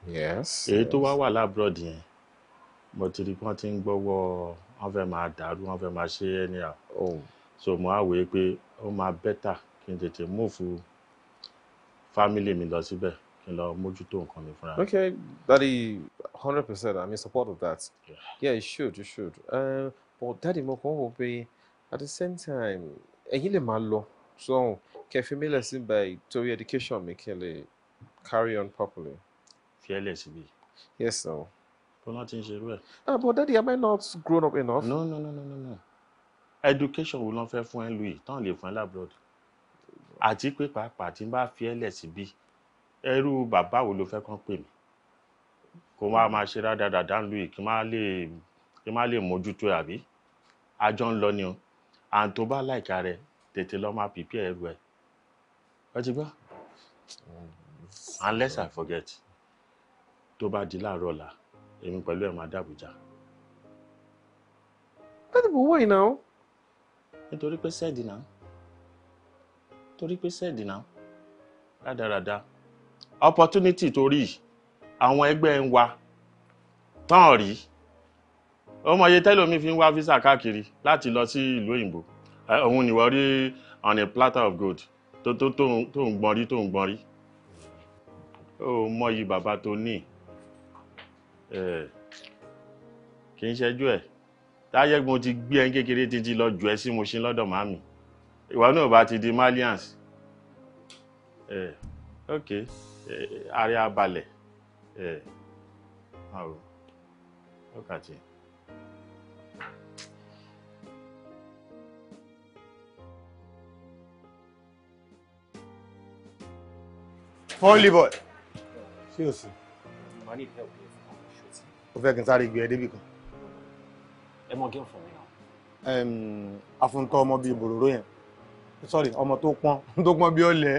yes. èyí tó wá wà labroad yẹn mo ti rí pé wọ́n ti ń gbọ́wọ́ wọ́n fẹ́ máa dàrú wọ́n fẹ́ máa so mo á wòye pé ó máa bẹ́tà kí n tètè múfù family mi lọ síbẹ̀ kí n lọ mójútó nǹkan mi fúnra. okay daddy hundred percent i'm in support of that yeah, yeah you should you should uh, but daddy mo kàn wò pé at the same time ẹ̀yin lè máa lọ sọ́hùn kẹfí mi lẹ̀ sí by torí education mi kí n lè carry on properly. fiẹ́lẹ̀ síbi. yes sir. bọ́lá ti ń ṣe ẹ̀. ah but daddy am i not grown up enough. no no no no no. no education wo lọ́n fẹ́ fún ẹ lu yìí tán lè fún ẹ labroad àti pé pàápàá tí n bá fi ẹ lẹ̀ síbí ẹrú bàbá wo ló fẹ́ kàn pè mí kó má máa ṣe rádaràdà ń lu yìí kí má lè kí má lè mójútó ẹ àbí àjọ ń lọ ni o à ń tó bá láìka rẹ tètè lọ máa pìpì ẹrù ẹ ẹ ti gbọ́ unless I forget tó bá di láàárọ̀ ọ̀la èmi pẹ̀lú ẹ̀ máa dàbújá. That's the way now nítorí pé sẹ́ẹ̀dì náà torí pé sẹ́ẹ̀dì náà rádaràda opportunity torí àwọn ẹgbẹ́ ń wa tán rí ọmọ iye tẹ́lómi fi ń wá visa káàkiri láti lọ sí ìlú òyìnbó òun ni wọ́n rí on a platter of gold tó tó tó ń gbọ́n rí tó ń gbọ́n rí ó mọyì bàbá tó ní kì í ṣẹ́jú ẹ̀ táyé mo ti gbé ẹ kékeré títí lọ jù ẹ sí mo ṣe lọ́dọ̀ màmí ìwà náà bá ti di malians ẹ ok ààrẹ abalẹ̀ ẹ àrò ọkàtì. Only boy. Seriously. I need here. O fẹ́ kí n sáré gbé ẹ débì kan ẹ mọ game fún mi náà. àfuntọ ọmọ bíi bòròró yẹn sorry ọmọ tó pọn tó pọn bíi ọ̀lẹ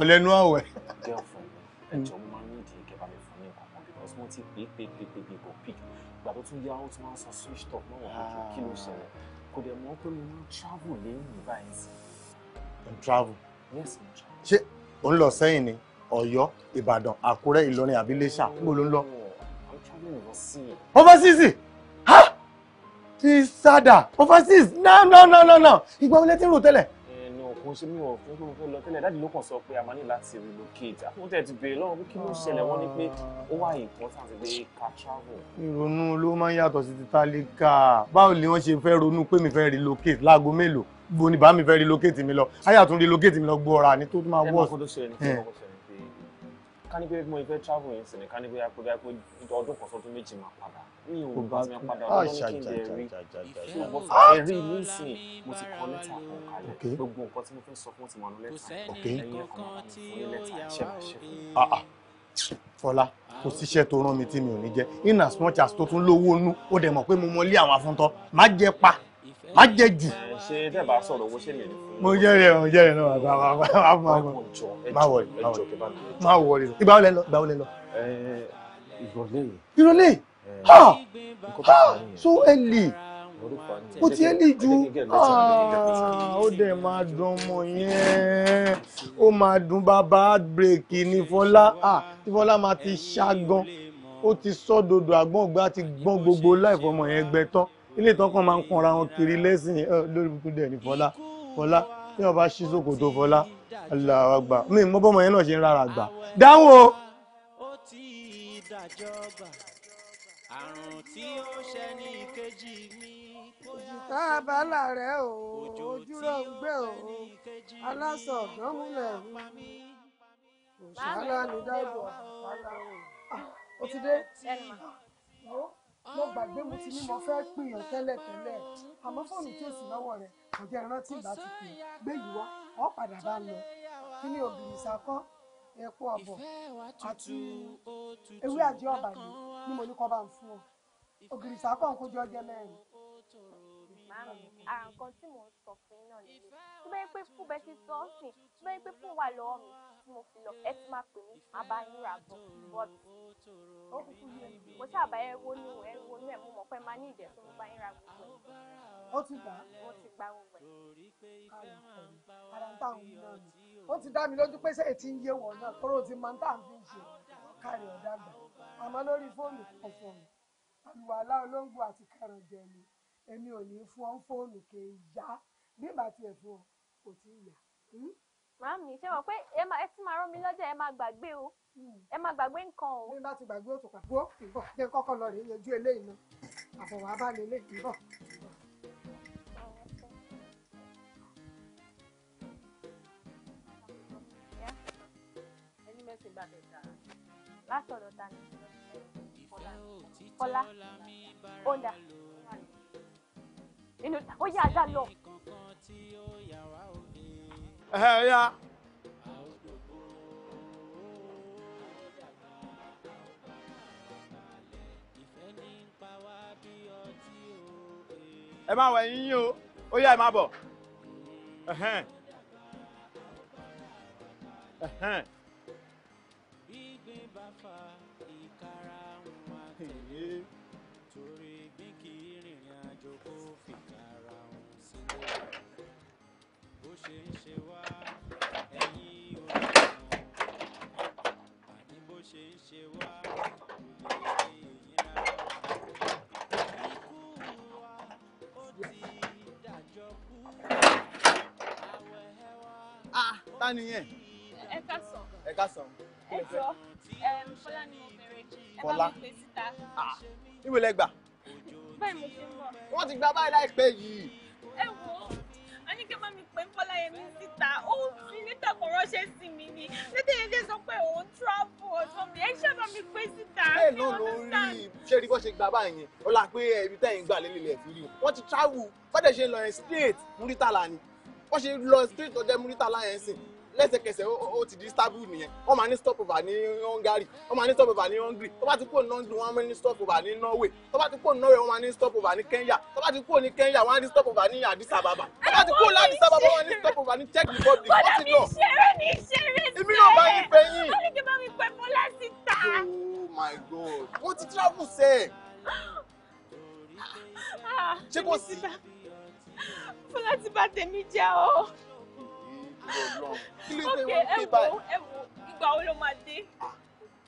ọ̀lẹ́nu àwẹ̀. game fún mi ẹjọ mo máa ń nídìí kẹ bá mi fún mi nǹkan kan because mo ti pè pè pè pè pè kò pick ìgbà tó tún yá ó tún máa sọ switch top náà wà lójú kí ló ah. ṣẹlẹ̀ kò dẹ̀ mọ̀ pé mo máa travel lẹ́yìn báyìí sí. travel. yes mo travel. ṣé ò ń lọ sẹ́yìn ni ọ̀yọ́ ìbàdàn àkúrẹ́ ìlọrin àbílẹ̀ṣà níbo ló ń lọ. i'm traveling lọ overseas ti sada overseas no no no no no ìgbà wọlé tí ń rò tẹ́lẹ̀. ẹnu kò ṣe mí wọn fún tó lọ tẹ́lẹ̀ dáàdi ló kàn sọ pé a máa ní láti relocate àfún tẹ̀ ti béèrè lọ́wọ́ pé kí ló ṣẹlẹ̀ wọ́n ní pé ó wà important pé ká travel. ìrònú ló máa ń yàtọ̀ sí ti tálíkà báwo ni wọ́n ṣe fẹ́ ronú pé mi fẹ́ relocate láago mélòó gbòó ni bá mi fẹ́ relocate mi lọ ayé àtún relocate mi lọ gbọ́ ọ̀rà ni tó máa wọ̀ ẹ̀ ká ní pé mo fẹ́ travel yẹn sì ni ká ní pé pé báyìí pé ọdún kan sọ́dún méjì máa padà mi ò bá mi padà ọdún kí n lè rí ìfẹ́ ọ̀bọ̀ àìrí mi sìn mo ti kọ́ lẹ́tà kan kalẹ̀ gbogbo nǹkan tí mo fẹ́ sọ fún ti wà ní lẹ́tà ẹ̀yìn ẹ̀kọ́ máa ń fún lẹ́tà iṣẹ́ máa ṣe fún ah, ah. Fọlá kò síṣẹ́ tó rán mi tí mi ò ní jẹ́ in as much as tó tún lówó nú ó dẹ̀ mọ̀ pé mo mọ ilé àwọn afúntọ́ má jẹ́ pa má jẹ jù. ṣe tẹ́ bá sọ̀rọ̀ owó ṣé mi ní fún. mo jẹ́rìí mo jẹ́rìí náà bàbá máa wọlé máa wọlé ìgbà wo lẹ lọ ìgbà wo lẹ lọ. ìrọ̀lẹ́ yìí. ìrọ̀lẹ́ yìí ha ha so early ó ti early ju ó dẹ̀ máa dùn ọmọ yẹn ó máa dùn bàbá break ní fọlá tí fọlá máa ti ṣá gan ó ti sọ́dọ̀dọ̀ àgbọ̀ngbà ti gbọ́n gbogbo láìfọmọ yẹn gbẹ tán ilé ìtàn kan máa ń kanra wọn kiri lẹ́sìn lórí kúkú dẹ̀ ní fọlá fọlá tí wọn bá ṣí sókòtò fọlá Allahu Akbar mi mọ bọ́mọ yẹn náà ṣe ń rárá gbà dáhùn o. ó ti dàjọ́ gbà àrùn tí ó ṣe ní ìkejì mi. òjìká abala rẹ o ojúrò ń gbé o aláṣọ ọ̀dọ́múlẹ̀ mi òṣàlá ni dájọ́ ah, ó ti dé mo gbàgbé mo ti ní mo fẹ́ pìyàn tẹ́lẹ̀ tẹ́lẹ̀ àmọ́ fóònù tí ò sí lọ́wọ́ rẹ̀ kò jẹ́ rántí ìgbà ti pè gbé yìí wá ọ́ padà bá lọ kí ni obìnrin sakọ́ epo ọ̀bọ̀ àti ewé àjẹ́ ọ̀bàdì ni mo ní kọ́ bá ń fún ọ ògìrì sakọ́ nǹkan jọ jẹ mẹ́rin. àǹkan tí mò ń sọ fún náà nìyí tó bá yẹ pé fún bẹ́ẹ̀ ti sọ ọ́ sìn tó bá yẹ pé fún wà lọ́wọ́ mi tí mo fi lọ ẹ ti máa pè mí abáyínra bọ̀ but ó kúkú yé mi kò sí àbáyé wónú ẹ wónú ẹ mo mọ̀ pé máa ní ìdẹ̀ tó mo bá yín gbogbo ẹ̀. ó ti gbà ó ti gbà gbogbo ẹ̀. ara ń tà ni ó ti dá mi lójú pé sẹ́yìn ti ń yé wọ̀ náà kóró ti máa ń tà ń fi ṣe kárí ọ̀dà gbà àmọ́ lórí fóònù ọ̀fọ̀ mi àlùwàlá olóńgbò àti kẹrànjẹ ni èmi ò ní fún ọ fóònù kì í yá bí màá tiẹ̀ fún ọ kò tí ì yá. Hmm? màámi ṣé mọ̀ pé ẹ máa ẹ ti máa rán mi lọ́jà ẹ máa gbàgbé o hmm. ẹ máa gbàgbé nǹkan o. bí n bá ti gbàgbé òtún kan gbó ìbọ̀ jẹ́ kọ́kọ́ lọ rèé yanjú eléyìí náà àbọ̀wá bá lè lè ìbọ̀. látọ̀dọ̀ ta ni kọ́lá ọ̀dà inú ó yá ajá lọ ẹ̀hẹ́ yeah. ẹ máa wọ ẹyin yín o ó yá ẹ máa bọ̀. ẹ̀hẹ́n ẹ̀hẹ́n. ṣe wá ikú wa ó ti dájọ́ kú àwẹ̀ wa. Ah, ta ni yẹn. ẹ ká sàn. ẹ ká sàn. ẹ jọ fọlá ni mo bẹ̀rẹ̀ ẹ bá mi pè síta. Ah, níbo lẹ gbà. báyìí mo ṣe ń bọ̀. wọ́n ti gba báyìí láìpẹ́ yìí mi síta ó fi lẹ́tà ránṣẹ́ sí mi ni lẹ́tà sọ pé òun travel ọ̀sán mi ẹ̀ ṣáà bá mi pé síta. bẹ́ẹ̀ náà ló rí ṣé rí bó ṣe gbà báyìí yẹn ọlá pé ibi tẹ́yìn gbà lélẹ̀ fi rí o wọ́n ti travel fọ́dẹ̀ ṣe lọ yẹn straight Muritala ni wọ́n ṣe lọ straight lọ́jẹ́ Muritala yẹn sìn lẹ́sẹ̀kẹsẹ̀ ó ti di istanbul nìyẹn wọ́n máa ní stopover ní hungary wọ́n máa ní over ní hungary tó bá ti kúrò ní london wọ́n máa ní stopover ní norway tó bá ti kúrò ní norway wọ́n máa ní stopover ní kenya tó bá ti kúrò ní kenya wọ́n á ní stopover ní addis ababa tó bá ti kúrò ní addis ababa wọ́n á ní stopover ní czech republic ó ti lọ. èmi náà bá yín fẹ́ yín. oh my god wọ́n ti travel sẹ́ẹ̀. Ah, ṣé kò sí. fúlàtì bá tèmi jẹ́ o dúró lọ́run. ok ẹ wo ẹ wo ìgbà wo ló máa dé. Ah,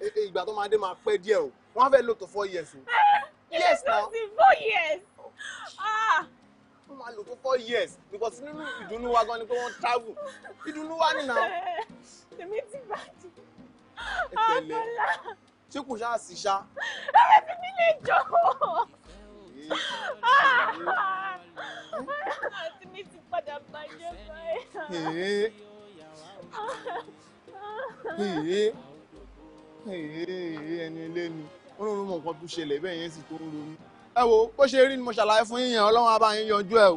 e, e, ìgbà tó máa dé máa pẹ́ díẹ̀ o wọ́n á fẹ́ lò tó four years o. Ah, yes na no four years. Ah. wọ́n máa lò tó four years because nínú ìdùnnú wa gan ni pé wọ́n travel ìdùnnú wa nìyà. èmi ti bàjẹ́ ọ̀pọ̀lá. ṣé kò ṣáà sì ṣá. ẹ̀rẹ́ ti mi lè jọ. Hey. Hey. Hey. ẹni ilé ni ó lóun mọ nǹkan tó ṣẹlẹ̀ bẹ́ẹ̀ yẹn sì tó ń ronú. ẹ wo bó ṣe rí ni mo ṣàlàyé fún yíyan ọlọ́run abáyín yanjú ẹ o.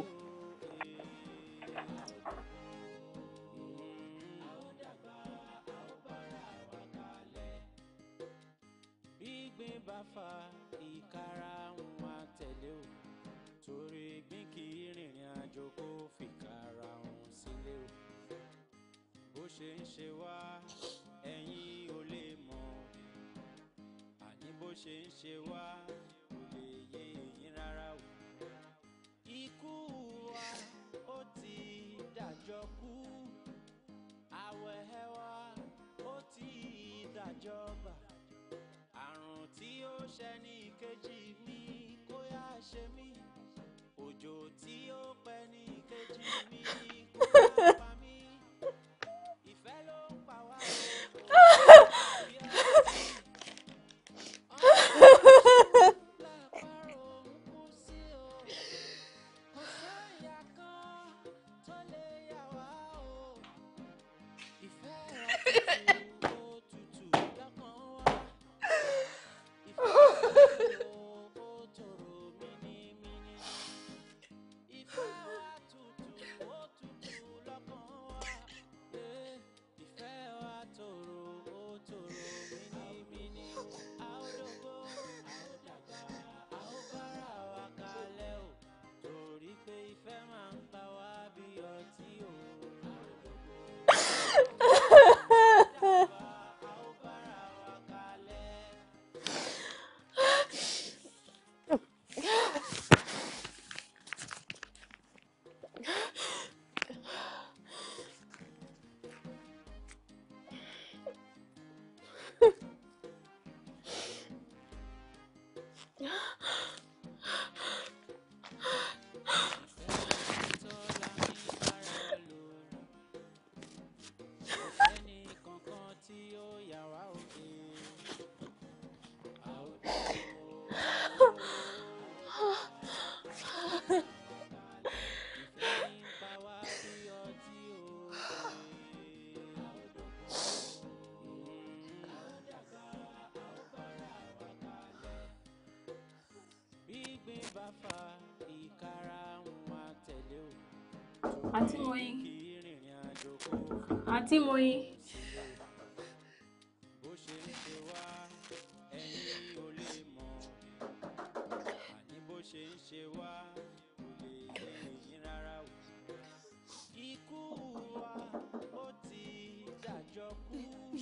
àti mọyìn àti mọyìn.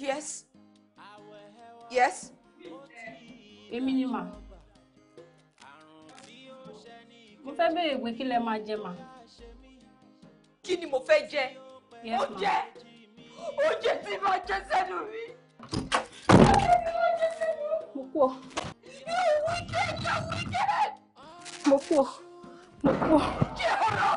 Yes. Yes. Èmi ni màá mo fẹ́ béèrè pé kí lẹ máa jẹ mà. kí ni mo fẹ́ jẹ oúnjẹ oúnjẹ tí mo jẹ sẹ́nu mi oúnjẹ tí mo jẹ sẹ́nu. mo kú ọ. mo kú ọ mo kú ọ.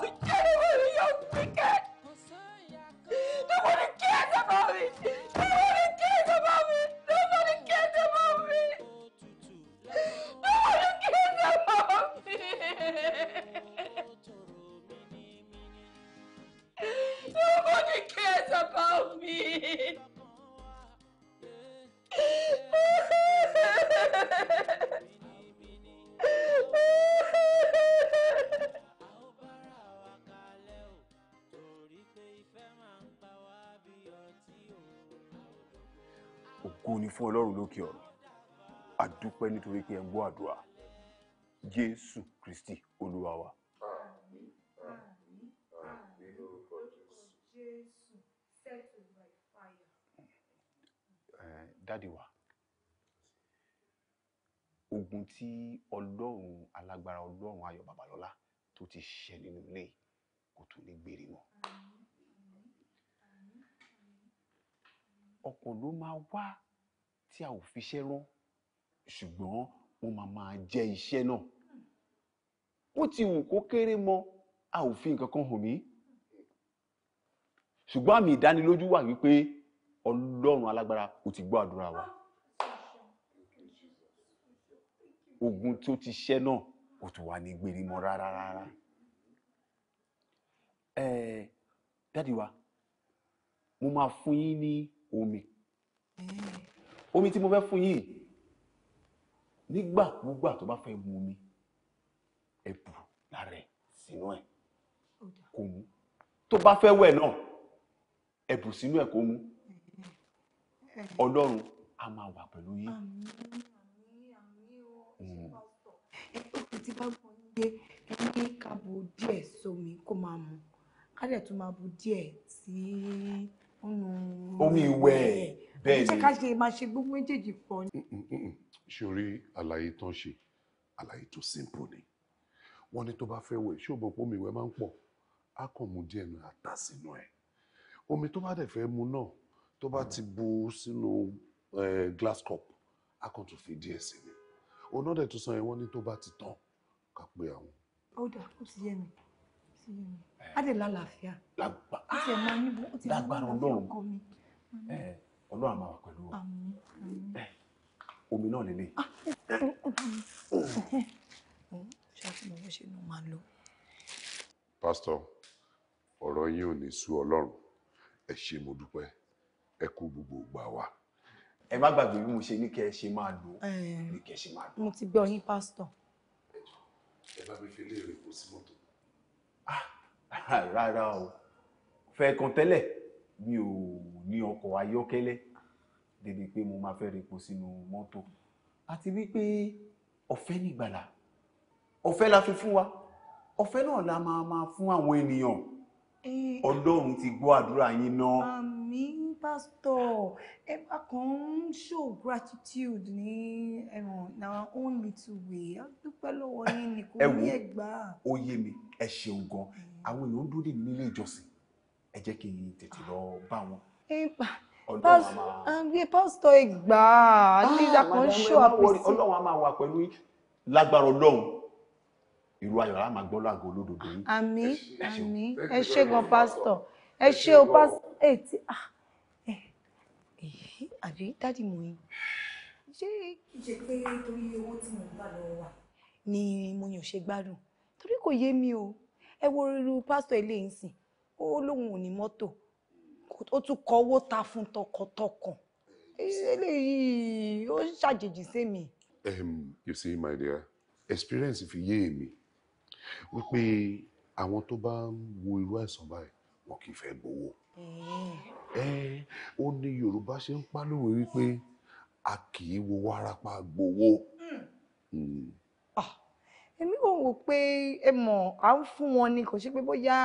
dúpẹ́ nítorí pé ẹ ń gbọ́ àdúrà jésù kristi olúwa wa. àmín àmín àmín lórúkọ jésù settle by fire. dáàdi wa ogun tí ọlọ́run alágbára ọlọ́run ayọ̀ babalọ́lá tó ti ṣẹ nínú ilé kò tún ní gbèrè mọ́. ọkọ̀ ló máa wá tí a ò fiṣẹ́ rán ṣùgbọ́n wọ́n máa máa jẹ́ iṣẹ́ náà bó ti wù kó kéré mọ́ a ò fi hàn mí ṣùgbọ́n àmì ìdánilójú wà wípé ọlọ́run alágbára kò ti gbọ́ àdúrà wa ogun tó ti ṣẹ́ náà kò tún wà ní gbèrímọ́ rárá rárá ẹ̀ẹ́ dádì wa mo máa fún yín ní omi omi tí mo fẹ́ fún yín nígbàkúgbà tó bá fẹ́ mu omi ẹ bù lára ẹ sínú ẹ kó mu tó bá fẹ́ wẹ̀ náà ẹ bù sínú ẹ kó mu ọlọ́run a máa wà pẹ̀lú yín. Hmm. ó ti bá gbọ́ yé ẹni ká bu díẹ̀ sómi kó máa mu ká dẹ̀ tún máa bu díẹ̀ sí ọ̀nà omi ìwẹ̀ bẹ́ẹ̀ ni. ká ṣe máa ṣe gbogbo méjèèjì pọ̀ ni ṣorí àlàyé tán ṣe àlàyé tó simple ni wọ́n ní tó bá fẹ́ wẹ̀ ṣó bọ̀pọ̀ omi ìwẹ̀ máa ń pọ̀ á kàn mú díẹ̀ náà àtà sínú ẹ̀ omi tó bá dẹ̀ fẹ́ mu náà tó bá ti bu sínú glass cup á kàn tún fi díẹ̀ sí ni òun náà dẹ̀ tún san ẹ̀ wọ́n ní tó bá ti tán ká pé àwọn. ó dà ó ti yé mi ti yé mi á dẹ̀ lálàáfíà ó ti ẹ̀ máa níbo ó ti máa ní àlàáfíà ọkọ mi. ọlọ́run máa wà pẹ̀lú ọ. àmín àmín omi náà lélẹ̀. pásítọ̀ ah, ọ̀rọ̀ yín ò ní sú ọlọ́run ẹ ṣé mo dúpẹ́ ẹ kú gbogbo ìgbà wa. ẹ má gbàgbé bí mo ṣe ní kẹ́ ẹ ṣe máa lò ó ní kẹ́ ẹ ṣe máa lò ó. mo ti gbọ́ yín pásítọ̀. ẹ bá mi fi léèrè kó sí mọ́tò. Ah, rárá o fẹ́ kan tẹ́lẹ̀ mi ò ní ọkọ̀ ayọ́kẹ́lẹ́ débi pé mo máa fẹ́ repo sínú mọ́tò àti wípé ọ̀fẹ́ nìgbàlà ọ̀fẹ́ la fi fún wa ọ̀fẹ́ náà la máa máa fún àwọn ènìyàn eh, ọlọ́run ti gbọ́ àdúrà yín náà. àmín pásítọ̀ ẹ bá kàn ń show gratitude ní na own little way a dúpẹ́ lọ́wọ́ yín ni kò ní ẹ̀gbá. ó yé mi ẹ ṣeun gan eh. àwọn èèyàn ń dúró dè mí nílé ìjọsìn ẹ jẹ́ kí n tètè lọ bá wọn. ẹ eh, pa pásítọ̀ ìgbà lídà kan ṣó àpèsè. ọlọ́run a máa wà pẹ̀lú lágbára ọlọ́run ìlú ayọ̀ la máa gbọ́ lágbo olódodo yìí. àmín àmín ẹ ṣé gan pásítọ̀ ẹ ṣé o pásítọ̀ ètí eh, ah, eh, eh, àbí dádì mo yín ṣé ṣe pé torí owó tí mo gbà lọ́wọ́ wa ni mo yàn ṣe gbádùn torí kò yé mi o ẹ wo irú pásítọ̀ ilé yìí sìn ó lóun ò ní mọ́tò ó tún kọ owó ta fún tọkàntọkàn eléyìí ó ń ṣàjèjì sí mi. Ehm, you see my dear experience fi yé èmi wípé àwọn tó bá ń wo irú àìsàn báyìí wọn kì í fẹ́ gbowó. ó ní yorùbá ṣe ń pálówó wípé a kì í wo wárápá gbowó. Hmm. Hmm. Ah, èmi kò wò pé ẹ mọ̀ à ń fún wọn ni kò ṣe pé bóyá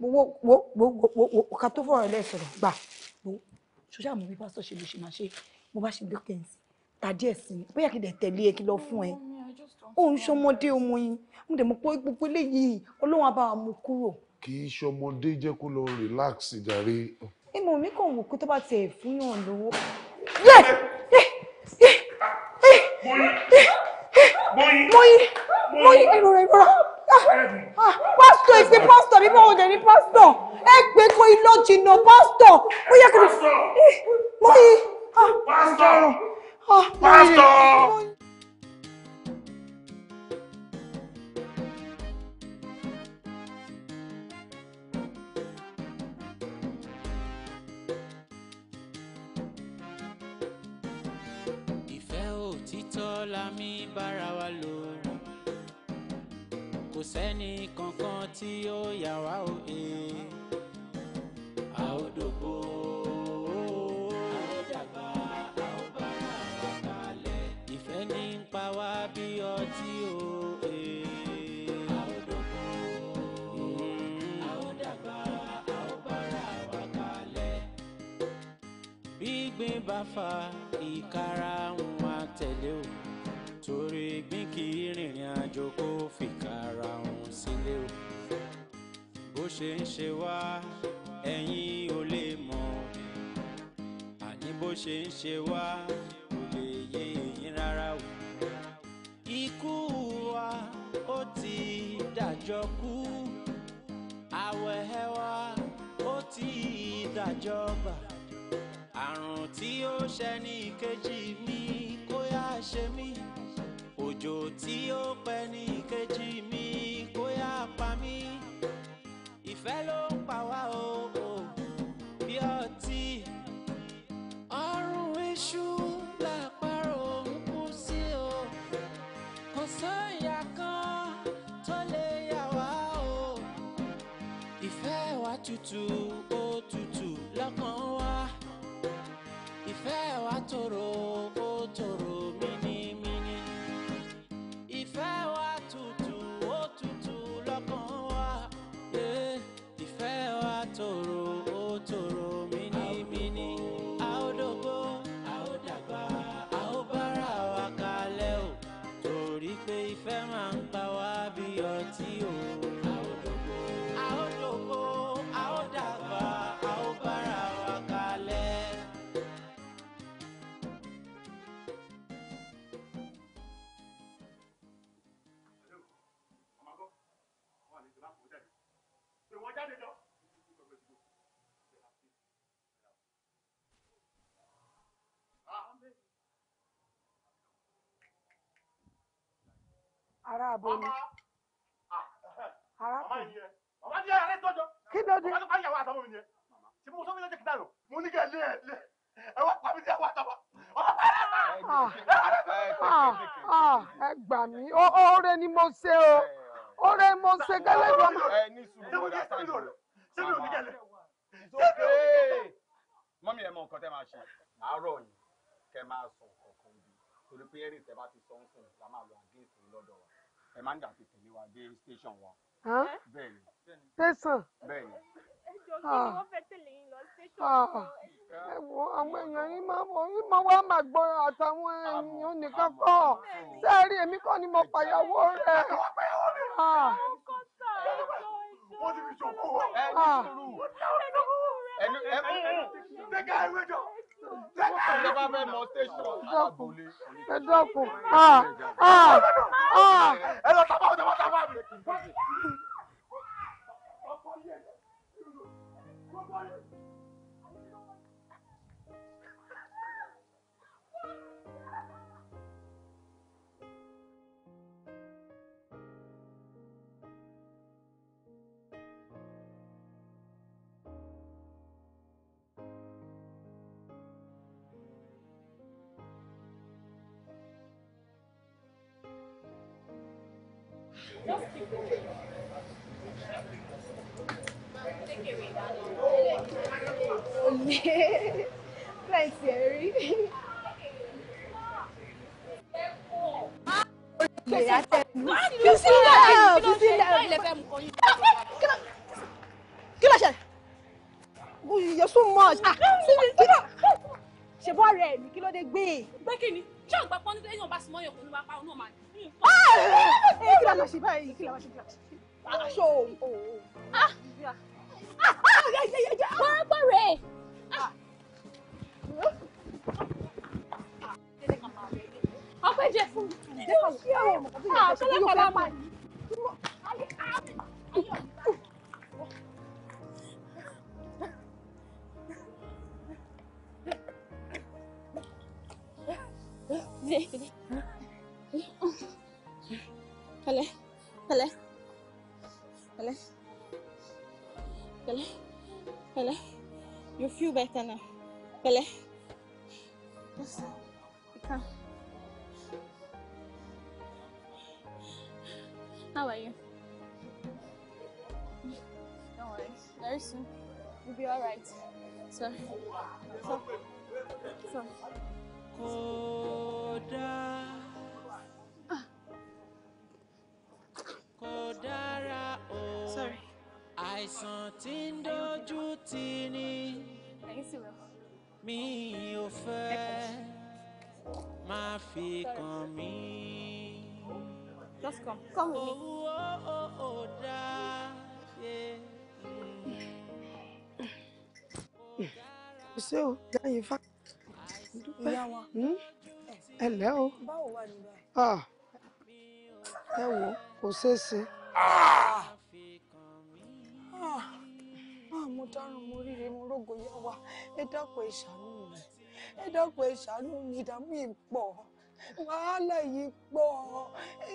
wo wo wo wo wo ká tó fọ̀rọ̀ ilé ìsọ̀rọ̀ gbà wo ṣoṣà mọ̀ bí pásítọ̀ ṣe lè ṣe máa ṣe mo bá ṣe gbé kẹ́ǹsì ta díẹ̀ sí i bóyá kí n dẹ̀ tẹ̀lé ẹ kí lọ fún ẹ òun ṣọmọdé ọmọ yín mo dẹ̀ mọ̀ pé gbogbo eléyìí ọlọ́run á bá wa mú kúrò. kì í ṣọmọdé jẹ́ kó lọ relax jàre. ìmọ̀ mi kàn wò pé tó bá tiẹ̀ fún yàn lówó. Mọ́yì Mọ́yì Mọ́yì ìrora ìrora pásítọ̀ ìpè pásítọ̀ bí báwo lè rí pásítọ̀ ẹ gbé kó iná jìnnà pásítọ̀ ó yẹ kó mọ́ yìí pásítọ̀ sẹ́ni kankan tí ó yà wá òye àódògbò. ìfẹ́ ní ń pa wá bí ọtí òye. àódògbò. àódàgbà àóbára wa kalẹ̀. bí gbín bá fa ìkarahun àtẹ̀lé o torí gbìn kí rìnrìn àjò kó fìkàrà ọ̀hún sílé o bó ṣe ń ṣe wá ẹ̀yin ò lè mọ̀ àní bó ṣe ń ṣe wá kò lè yé yín rárá o ikú wa ó ti dàjọ kú àwẹ̀ wa ó ti dàjọ bà àrùn tí ó ṣe ní kejì mi kó yá ṣe mí òjò tí ó pẹ́ ní ìkejì mi kó yá pa mí ìfẹ́ ló ń pa wá o bí ọtí ọrùn iṣu làpárò ń kú sí o kò sóyà kan tó lè yà wá o ìfẹ́ wa tútù o. ara abo ni ara kù ọba jẹ ara tọjọ kí ló dé ọba tó bá yàwó àtọmọ mi yẹn ah, tí ah, mo sọ mi lọ jẹ kí n dàrú mo ní kẹ lé ẹ lé ẹ wá pàmí sí ẹwà àtọmọ ọba bá yàrá ẹ gbà mí oore ni mo ṣe o oore mo ṣe gẹ́lẹ́ bí ọmọ. ẹ ní sùúrù ọ̀dà sáyẹn sọ̀rọ̀ ṣé mi ò ní kẹlẹ̀. mọ́mí ẹ̀ mọ nǹkan tẹ́ máa ṣe àárọ̀ yìí kẹ́ máa sọ nǹkan kan bí torí pé ẹ̀rì tẹ́ bá ti sọ ń sìn la máa lọ àgéèsì lọ́dọ̀ wa ẹ máa ń dà tètè lé wa dé station wa. bẹ́ẹ̀ni. tẹsán. bẹ́ẹ̀ni. ẹ wo àwọn èèyàn yín máa wọ yín máa wá máa gbọ́ àtàwọn èèyàn nìkan kọ́ sẹ́ẹ̀rì èmi kọ́ ni mo pàyàwó rẹ̀. wọ́n ti fi ṣòfò wọ̀. ẹ ní sùúrù. ẹ ní sùúrù. ẹ ní sùúrù ẹ dọ́kun ẹ dọ́kun. Ah, ah. ẹ lọ sábà ọ̀dọ́ wọn sábà mi. láìsí ẹ̀rí. kí ló ṣe you're so much kí ló ṣe bọ́ rẹ̀ mi kí ló dé gbé. gbé kí ni ṣé àgbà pọ́n ní ẹ̀yìn ọba sùnmọ́ yẹn kò ní wá pa ọ náà máa dùn ẹ Yeah. Dale, dale, dale, dale, dale. You feel better now. Dale. Just, How are you? Don't worry. Very soon, you'll be all right. So, so, so. Koda. Sorry. àìsàn tí ń dojú tì ní mi ò fẹ́ má fi kàn mí. Just come. Come with me. Owó ò dá ṣe. Kò sí o, jáyé fá. Ìyá wa. Hmm? Ẹ lẹ́ o. Báwo wà ní ah. Ẹ wò, kò ṣeé ṣe. Ah! Ah, mo dáràn mo ríre mo rógo yá wa ẹ dákun ẹ ṣàánú mi ẹ dákun ẹ ṣàánú mi ìdààmú ìpọ wàhálà yìí pọ̀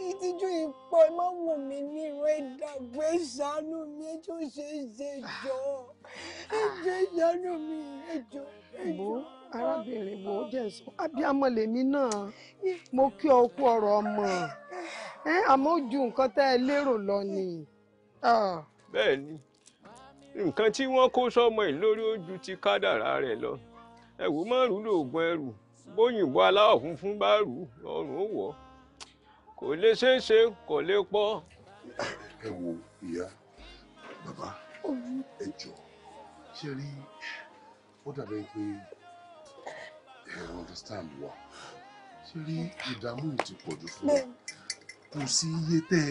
ìtìjú yìí pọ̀ ẹ má wò mí nírun ẹ dàgbé ṣàánú mi ẹjọ́ ṣe é ṣe jọ ẹjọ́ ṣàánú mi ẹjọ́ ẹjọ́ arábìnrin wo jẹ́ sọ abiyamọ lèmi náà mo kí ọ kú ọ̀rọ̀ ọmọ ẹ àmọ́ ó ju nǹkan tẹ́ ẹ lérò lọ ni. Ah. bẹ́ẹ̀ ni nǹkan tí wọ́n kó sọ́mọ yìí lórí ojú ti kádàrá rẹ̀ lọ ẹ̀wù márùn lóògùn ẹrù bóyìnbó aláwọ̀ funfun bá rù ọrùn ó wọ̀ kò lè ṣeé kò lè pọ̀. ẹ wo ìyá bàbá ẹ jọ ṣe rí ó dàbí pé ẹ̀rọ understand wa ṣe rí ìdààmú ti to jù fún wa kò sí iye tẹ́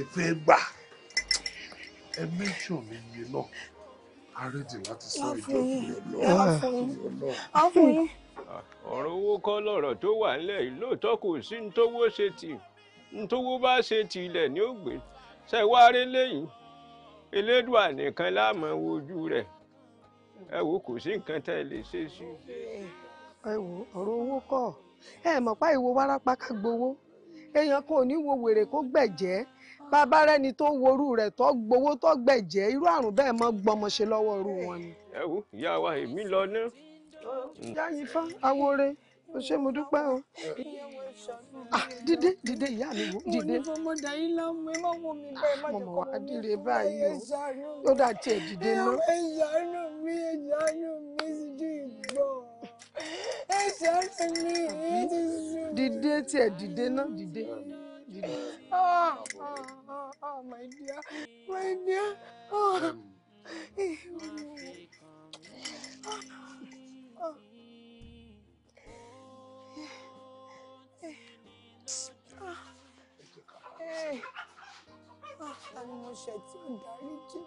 make sure gbà ẹ know. mi iye náà àrètí láti sọ ìjọ fún ọlọ́run. ọ̀rọ̀ owó kọ́ lọ̀rọ̀ tó wà nílẹ̀ yìí lóòótọ́ kò sí ntówó ṣe tì ntówó bá ṣe tì ilẹ̀ ní ògbé ṣe wá rí lẹ́yìn elédùà nìkan láàmú wojú rẹ̀ ẹ wo kò sí nǹkan tẹ́ ẹ lè ṣe sí i ẹ wò ọ̀rọ̀ owó kọ́ ẹ mọ̀ pa ìwo wárápá ká gbowó èèyàn kan ò ní wo wèrè kó gbẹ̀jẹ́ bàbá rẹni tó worú rẹ̀ tó gbowó tó gbẹ̀jẹ́ irú àrùn bẹ́ẹ̀ mọ́ gbọmọ ṣe lọ́wọ́ wọn ni. ẹ ìyá wa èmi lọ ná. yáyí fá awore o ṣe mo dúpẹ́ o. dídé dídé ìyá mi wò dídé. mo ní mo dà yín lámú ẹ má wo mi bẹ́ẹ̀ má jẹ́ kó wọ́n mi ẹ báyìí o ó dà tiẹ̀ dídé náà. ẹ ṣàánú mi ẹ ṣàánú mi sì dé ẹ ṣàánú mi ẹ ti sùn. dìde tiẹ̀ dìde náà dìde. Oh, oh, oh, oh, my dear, my dear. Oh. Oh. Hey. Oh, I'm not sure to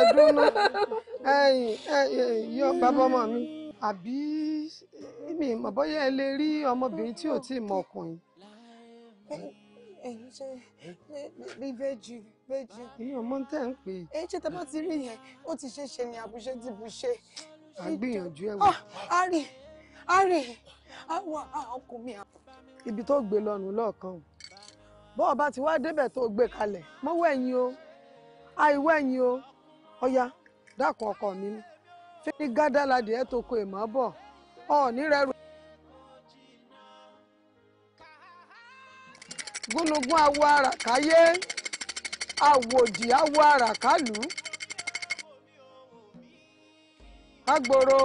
ẹdùnú yọ bàbá ọmọ mi àbí mi mọ̀ bóyá ẹ lè rí ọmọbìnrin tí ò tí ì mọ ọkùnrin. Ìyá ọmọ tẹ́ ń pè. Ẹ ṣe tẹ́ bá ti rí yẹn, ó ti ṣe é ṣe ni àbúṣe ti bù ṣe. A gbìyànjú ẹ̀ wò. A rí a rí àwọn ọkùnrin mi. Ibi tó gbé lọ́nu lọ́ọ̀kan. Bọ́ọ̀ bá ti wá débẹ̀ tó gbé kalẹ̀, mọ́wọ́ ẹ̀yìn o. àìwọ ẹ̀yìn o ọya dákun ọkọ mi mú fífi gádàládì ẹ tó ko èèmọ bọ ọ nírẹrù. gúnugún awo àràkáyé àwòdì awo àràkálù agboro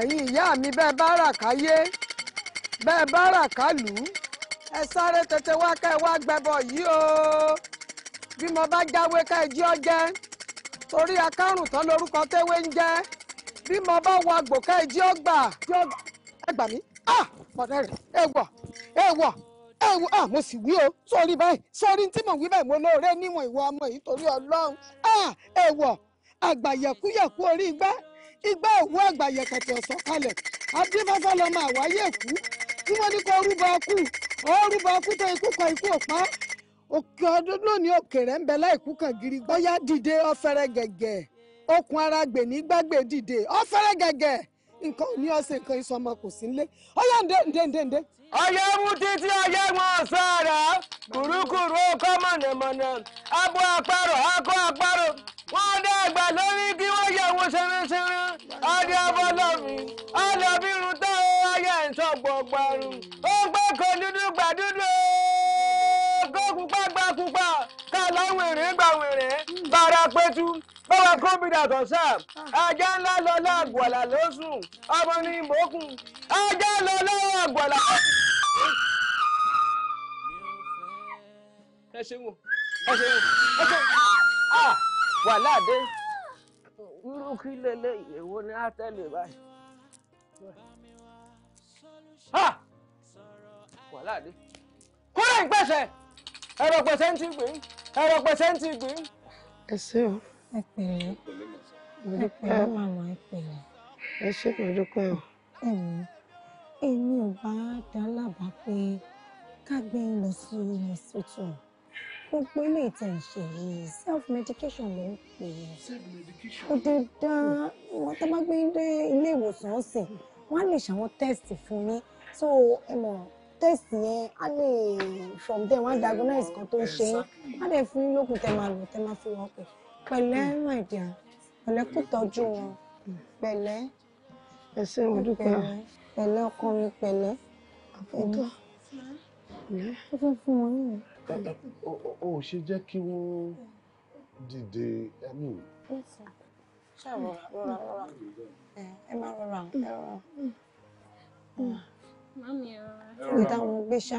ẹ̀yin ìyá mi bẹ́ẹ̀ bá ràkáyé bẹ́ẹ̀ bá ràkálù ẹ sáré tètè wá ká ẹ wá gbẹbọ yìí o. bí mo bá jáwé ká ẹjí ọ jẹ́ torí akárùn tán lórúkọ téwé ń jẹ́ bí mo bá wọ àgbò ká ẹjí ọ gbà ẹ gbà mí pọ̀dẹ́ rẹ̀ ẹ wọ̀ ẹ wọ̀ ẹ wọ̀ à mo sì wí o sórí báyìí sórí tí mò ń wí báyìí mo lóore níwọ̀n ìwọ ọmọ yìí torí ọlọ́run ẹ wọ̀ àgbà yẹ̀kúyẹ̀kú orí igbá igbá òwú àgbà yẹ̀kẹ̀tẹ̀ ọ̀sán kalẹ̀ adébáfá lọmọ àwáyé èkú tí wọ́n ní kó rúbọ ọkú ó rúbọ ọkú tó ikú kọ ikú òpá òkè ọdún lónìí òkèrè ń bẹ láìkú kan gírí bóyá dìde ọ̀fẹ́rẹ́ gẹ̀gẹ̀ okun ara gbè ní gbàgbé dìde ọ̀fẹ́rẹ́ gẹ̀gẹ̀ nǹkan ò ní ọ̀sẹ̀ nǹkan ìsọmọ kò sí nílé ọyá ǹdẹ ǹdẹ ǹdẹ ǹdẹ. ọyẹ mú títí ọyẹ wọn sára kùrúkùrú ọkọ mọ̀nàmọ̀nà akọ wọn lórí kí àpẹtù báwa kọ́mpútà kan sáà ajá ńlá lọ láàgbọ̀là ló sùn ọmọ ní ìmọ̀ọ́kùn ajá lọ lọ́wọ́ àgbọ̀là. ẹ ṣeun ẹ ṣeun ẹ ṣeun ah, wàhálà dé irú kí lélẹ̀ ìyẹ̀wò ni á tẹ̀lé báyìí. Ah, wàhálà dé kúrò ìpèsè ẹ̀rọ pèsè ń ti gbìn ẹ̀rọ pèsè ń ti gbìn ẹ ṣé o. ẹ pẹ̀lẹ́ ẹ pẹ̀lẹ́ màmá ẹ pẹ̀lẹ́. ẹ ṣé kò dúpẹ́ o. èmi ò bá dá lábàá pé ká gbé ń lọ sí hospital gbogbo ilé ìtàn ìṣe yìí self medication ló ń pè é ó dé dán wọn tó bá gbé dé ilé ìwòsàn ọ̀sìn wọn á lè ṣàwọn test fún yín so ẹ mọ̀ test yẹn á lè from there wọ́n á diagnose kan tó ń ṣe yín á lè fún yín lókun tẹ́ máa lò tẹ́ máa fi wọ́n pè pẹ̀lẹ́ my dear pẹ̀lẹ́ kò tọ́jú wọn pẹ̀lẹ́ ẹ ṣé mo dúpẹ́ pẹ̀lẹ́ ọkàn mi pẹ̀lẹ́ àbúkọ́ ó fẹ́ fún wọn yìí. o ò ṣe jẹ́ kí wọ́n dìde ẹ̀mí. ṣàrọ̀ rọra rọra mm. ẹ máa rọra ẹ rọra. Mm. Mm mi táwọn gbé ṣá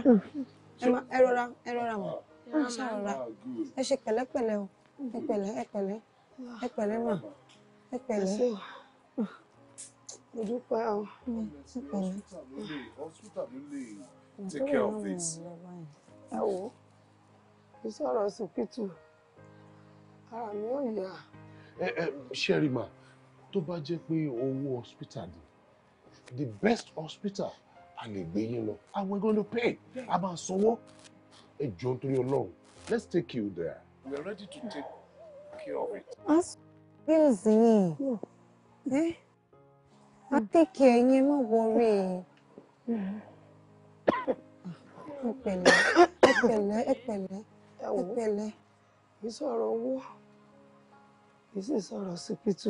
ẹ rọra ẹ rọra mọ hmm. ẹ ṣàrọra ah, ẹ ṣe pẹ̀lẹ́pẹ̀lẹ́ o ẹ pẹ̀lẹ́ ẹ pẹ̀lẹ́ ah. ẹ pẹ̀lẹ́ mà ẹ pẹ̀lẹ́ mo dúpẹ́ o hmm. ẹ pẹ̀lẹ́ ẹ wò ó sọ̀rọ̀ ọsibítù ara mi ò yá. ṣẹ́rìmà tó bá jẹ́ pé owó hospital ni the best hospital a lè gbé yín lọ and we gonna pay a máa sanwó ẹ jọ nítorí Ọlọ́run let's take you there. we are ready to take care of it. a sọ bills yìí ẹ a take care yín má wọrí ẹ pẹ̀lẹ́ ẹ pẹ̀lẹ́ ẹ pẹ̀lẹ́ ẹ pẹ̀lẹ́ kì í sọ̀rọ̀ owó kì í sì sọ̀rọ̀ sípítù.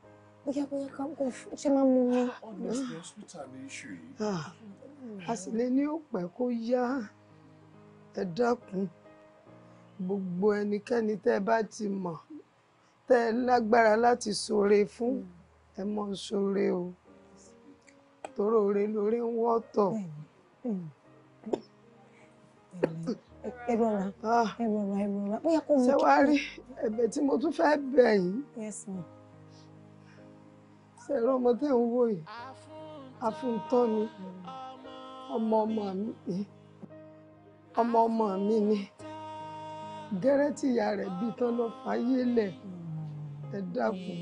bóyá bóyá ká kó ṣe máa mú mi. Ah, honestly hospital ni iṣu yìí. Ah, a sì lè ní òpẹ́ kó yá ẹ dákun gbogbo ẹnikẹ́ni tẹ́ ẹ bá ti mọ̀ tẹ́ ẹ lágbára láti ṣoore fún ẹ mọ̀ ṣoore o tóró ore lórí ń wọ́tọ̀. ẹ rọra ẹ rọra ẹ rọra bóyá kó mú kí. ṣé wàá rí ẹ̀bẹ̀ tí mo tún fẹ́ bẹ̀ yín ṣẹ̀rọ ọmọ tẹ́ ń wò yìí afúntọ́ ni ọmọ ọmọ mi ọmọ ọmọ mi ni gẹ́rẹ́ tí ìyá rẹ̀ bí tán lọ fàyè lẹ̀ ẹ dákun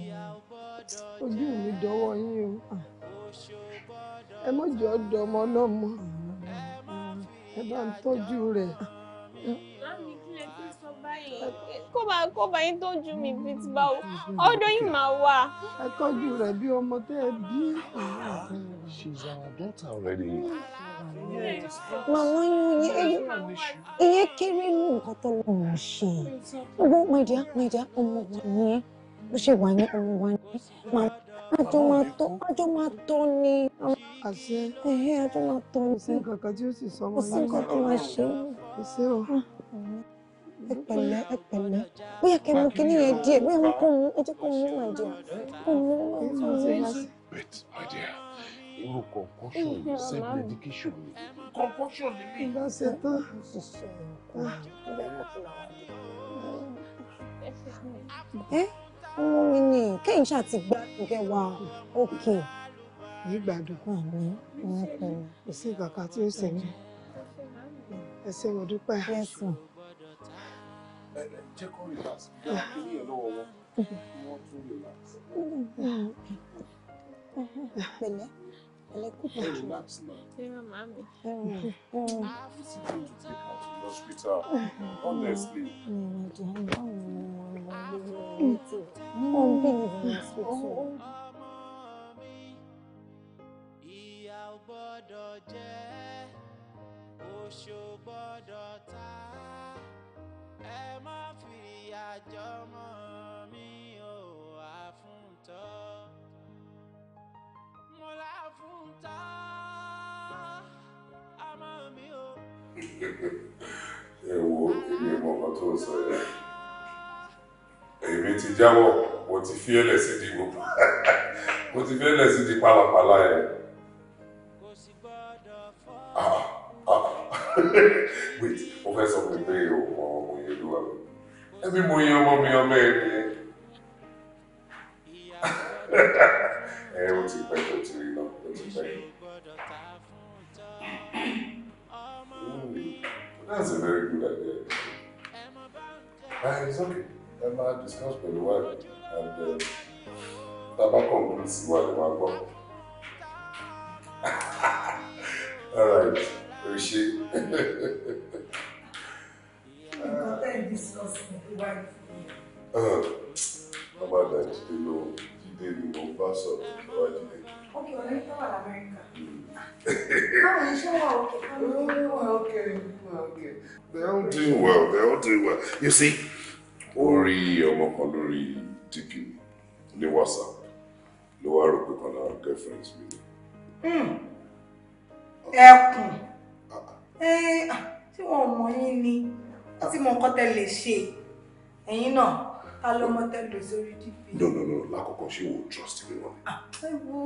ojú mi dọwọ́ yín o ah. ẹ mọ̀jọ́ dọmọ lọ́mọ ẹ bá ń tọ́jú rẹ̀ yín kó bá kó bá yín tọ́jú mi bíi ti báwo mm-hmm. ọ̀dọ̀ yín máa wà. ẹ tọ́jú rẹ̀ bí ọmọ tẹ́ ẹ bí. she's our daughter already. màmá yín ìyẹn kéré ní nǹkan tó lọ wọ́n ṣe gbogbo my dear ọmọ wa yẹn bó ṣe wà ní ọmọ wa yẹn màmá àjọ máa tọ́ àjọ máa tọ́ ni. àṣẹ ẹ̀hẹ́ àjọ máa tọ́ ni. kò sí nǹkan kan tí ó sì sọ ọmọ yẹn. kò sí nǹkan tó máa ṣe. kò sí o. Ah ẹ pẹ̀lẹ́ ẹ pẹ̀lẹ́ bóyá kẹ́ mú kinní yẹn díẹ̀ bóyá wọn kò mú ẹ jẹ́ kó mú my dear kó mú my dear. wait my dear irú concoction yìí self medication yìí concoction ni mí. ìgbà ṣe tán. ẹ ọmọ mi ni kẹ́hìn ṣáà ti gbádùn kẹ́ wa òkè. ìgbàdùn àmì ìyá pẹ̀lú. kò sí ìkàkà tí ó ṣe mí ẹ ṣe mo dúpẹ́. yẹ́sùn jẹ́ kó relax gbá kíní ẹ̀ lọ́wọ́ wọn wọ́n tún relax. pẹ̀lẹ́ ẹlẹ́kùnkùn jù lọ. ẹ màmá mi. it's going to take her to the hospital honestly. mo ń bẹ̀ ní hospital. ìyá ò gbọ́dọ̀ jẹ́ oṣó gbọ́dọ̀ ta ẹ má fi àjọmọ mi ò àfúntọ́ mo láfúntọ́ ọmọ mi ò. ẹ wo èmi mọ ọkàn tó ń sọ yẹn èmi ti jáwọ́ mo ti fi ẹlẹ sí di gbogbo mo ti fi ẹlẹ sí di pálapàla yẹn. Ah, ah. Wait, mo fẹ́ sọ pé pé o mọ ọmọ olúwa o ẹbí mo yẹ ọmọ mi ọmọ ẹ nìyẹn ẹ o ti hmm, That's a very good idea. Ah, it's okay. Ẹ máa discuss pẹ̀lú wa and bàbá uh, conclude sí wa lè máa gbọ́. All right, o ṣe. ọmọ àgbà jíde ló jíde ni mo bá sọ̀rọ̀ lọ́wọ́ jíde. ókè ọ̀rẹ́ tó wà lamẹ́ríkà. báwo ni ṣé wà ókè. wà ókè wà they all doing well they all doing well you see orí ọmọ kan lórí dp whatsapp the wá rò our kan lára girlfriends mi ni. Hmm. Ah. ẹkùn ah. Eh, ah, tí wọn mọ yín ni wọn ti mọ nǹkan tẹ́ lè ṣe ẹ̀yin náà ta ló mọ tẹ́lẹ̀ sórí dp. no no no lákòókò ṣé wò ó trust mi wọn. Ah, ẹ wo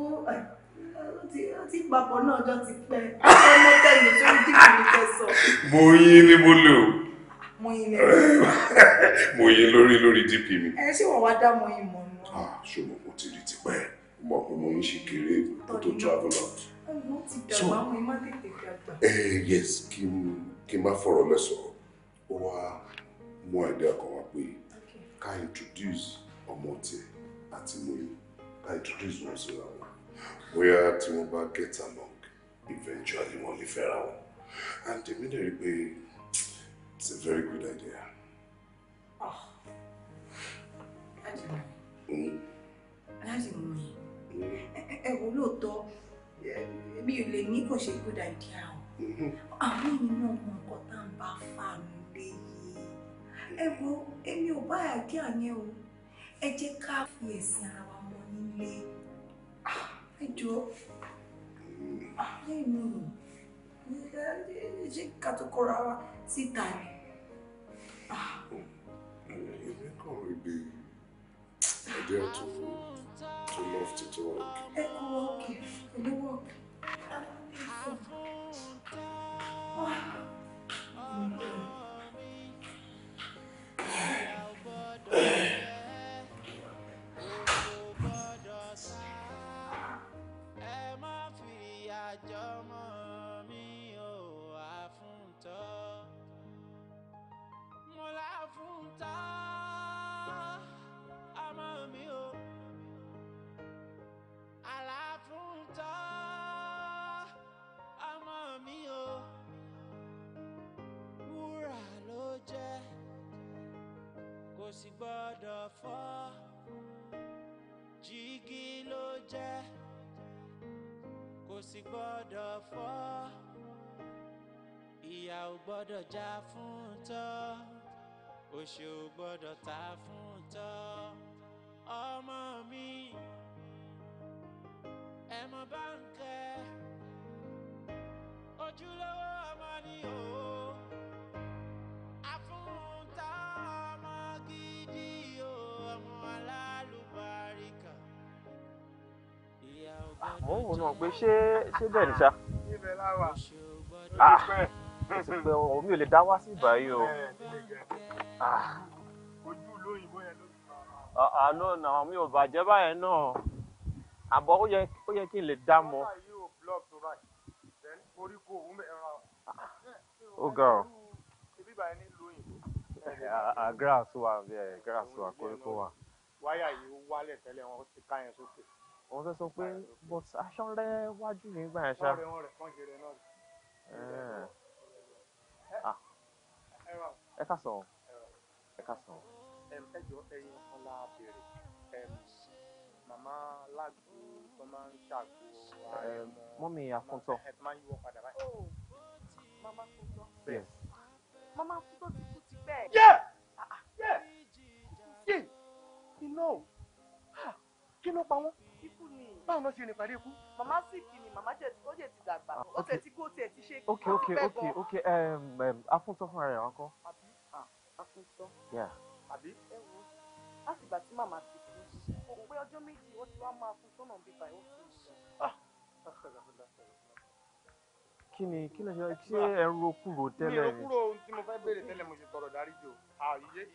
ti papọ̀ náà jọ ti pẹ́ ẹ mọ tẹ́lẹ̀ sórí dp mi tẹ́ sọ. mo yín ni mo lò. mo yín lẹ́yìn. mo yín lórí lórí dp mi. ẹ ṣé wọn wá dá ah, mo yín mọ ni. ṣùgbọ́n mo ti rí tipẹ́ mo kò mọ yín ṣe kéré tó travel out. mo ti dàgbà mo yín má tètè dàgbà. Eh, yes kí n má fọ̀rọ̀ lẹ́sọ̀rọ̀ ó wá mú ẹ̀dẹ́ ọkàn wa pé ká introduce ọmọ tiẹ̀ àti Mọ́yì ká introduce wọn síra wọn bóyá tí wọ́n bá get along eventually wọ́n lè fẹ́ra wọn and the minute rí pé it's a very good idea. Oh. Adìmọ̀. Adìmọ̀ mi. Ẹ wo lóòótọ́ mi ò lè ní kò ṣe good idea o. Mm-hmm. Àwọn ènìyàn ọmọ ọkọ̀ tá à ń bá fà nílé yìí ẹ wo èmi ò bá àgé àní o ẹ jẹ́ ká fi ẹ̀sìn ara wa mọ nílé ẹ jọ lẹ́yìn náà ṣé ká tó kọ́ra wa síta ni. èmi kàn rí bí ẹdí fún tó lọ́ọ̀ fi tó wà òkè. ẹ kọ́ òkè pẹ̀lú wọ́ọ̀kì. Oh. fún ama ọmọ mi o àlá fún ta ọmọ mi o wúrà ló jẹ́ kò sì gbọ́dọ̀ fọ́ jígí ló jẹ́ kò sì gbọ́dọ̀ fọ́ ìyà ò gbọ́dọ̀ fún tọ́ òṣè ò gbọ́dọ̀ ta fún tọ́ ọmọ mi ẹ mọ báńkẹ́ ojúlówó ọmọ ni o àfúntà ọmọ gidi náà pé ṣé ṣé bẹ́ẹ̀ ni ṣá. ibẹ̀ láwà. ó ah, omi ò lè dá wá sí ìbáyé o ojú olóyìnbó yẹn ló ti bá wa. àánú ọ̀nà mi ò bàjẹ́ báyẹn náà àbọ̀ ó yẹ kí n lè dá mọ́. ó ga ọ. grass wà bẹ́ẹ̀ grass wà koríko wà. wáyà yìí ó wálẹ̀ tẹ́lẹ̀ wọn ti ká yẹn sókè. wọ́n fẹ́ sọ pé but aṣọ rẹ̀ wájú mi gbà yẹn ṣá. wọ́n rẹ̀ wọ́n rẹ̀ kán jẹrẹ náà. ẹ ká sọ̀rọ̀. Ẹkáàsán o. Um, ẹ jọ̀ọ́ ẹyin kan la béèrè um, màmá lágbo tó máa ń ṣàgbo ààrẹ mọ. mọ́mí àkúntọ́. ẹ máa ń yíwọ́ padà báyìí. o mama kúntọ́. bẹ́ẹ̀. mama kúntọ́ ti kú ti pẹ́. yẹ yẹ yẹ iná o kí ló pa wọ́n. ikú ni. báwo ló ṣe lè parí ikú. màmá sì kì ni màmá jẹ ó jẹ ti dàgbà ah, ó tẹ ti kó tiẹ ti ṣe kí. ok ok ok ok afúntọ́ fúnra rẹ̀ wá kọ́. àbí ṣe sọ. àbí. ẹ wo láti ìgbà tí màmá ti kú kò pé ọjọ́ méjì ó ti wá máa fún sọ́nà bíbá ẹ̀ ó fi sùn. Ah! kí ni kí ni ṣe ṣe ẹrù okúrò tẹ́lẹ̀ ni. mi ò kúrò ohun tí mo fẹ́ béèrè tẹ́lẹ̀ mo ṣe tọrọ dáríjì o.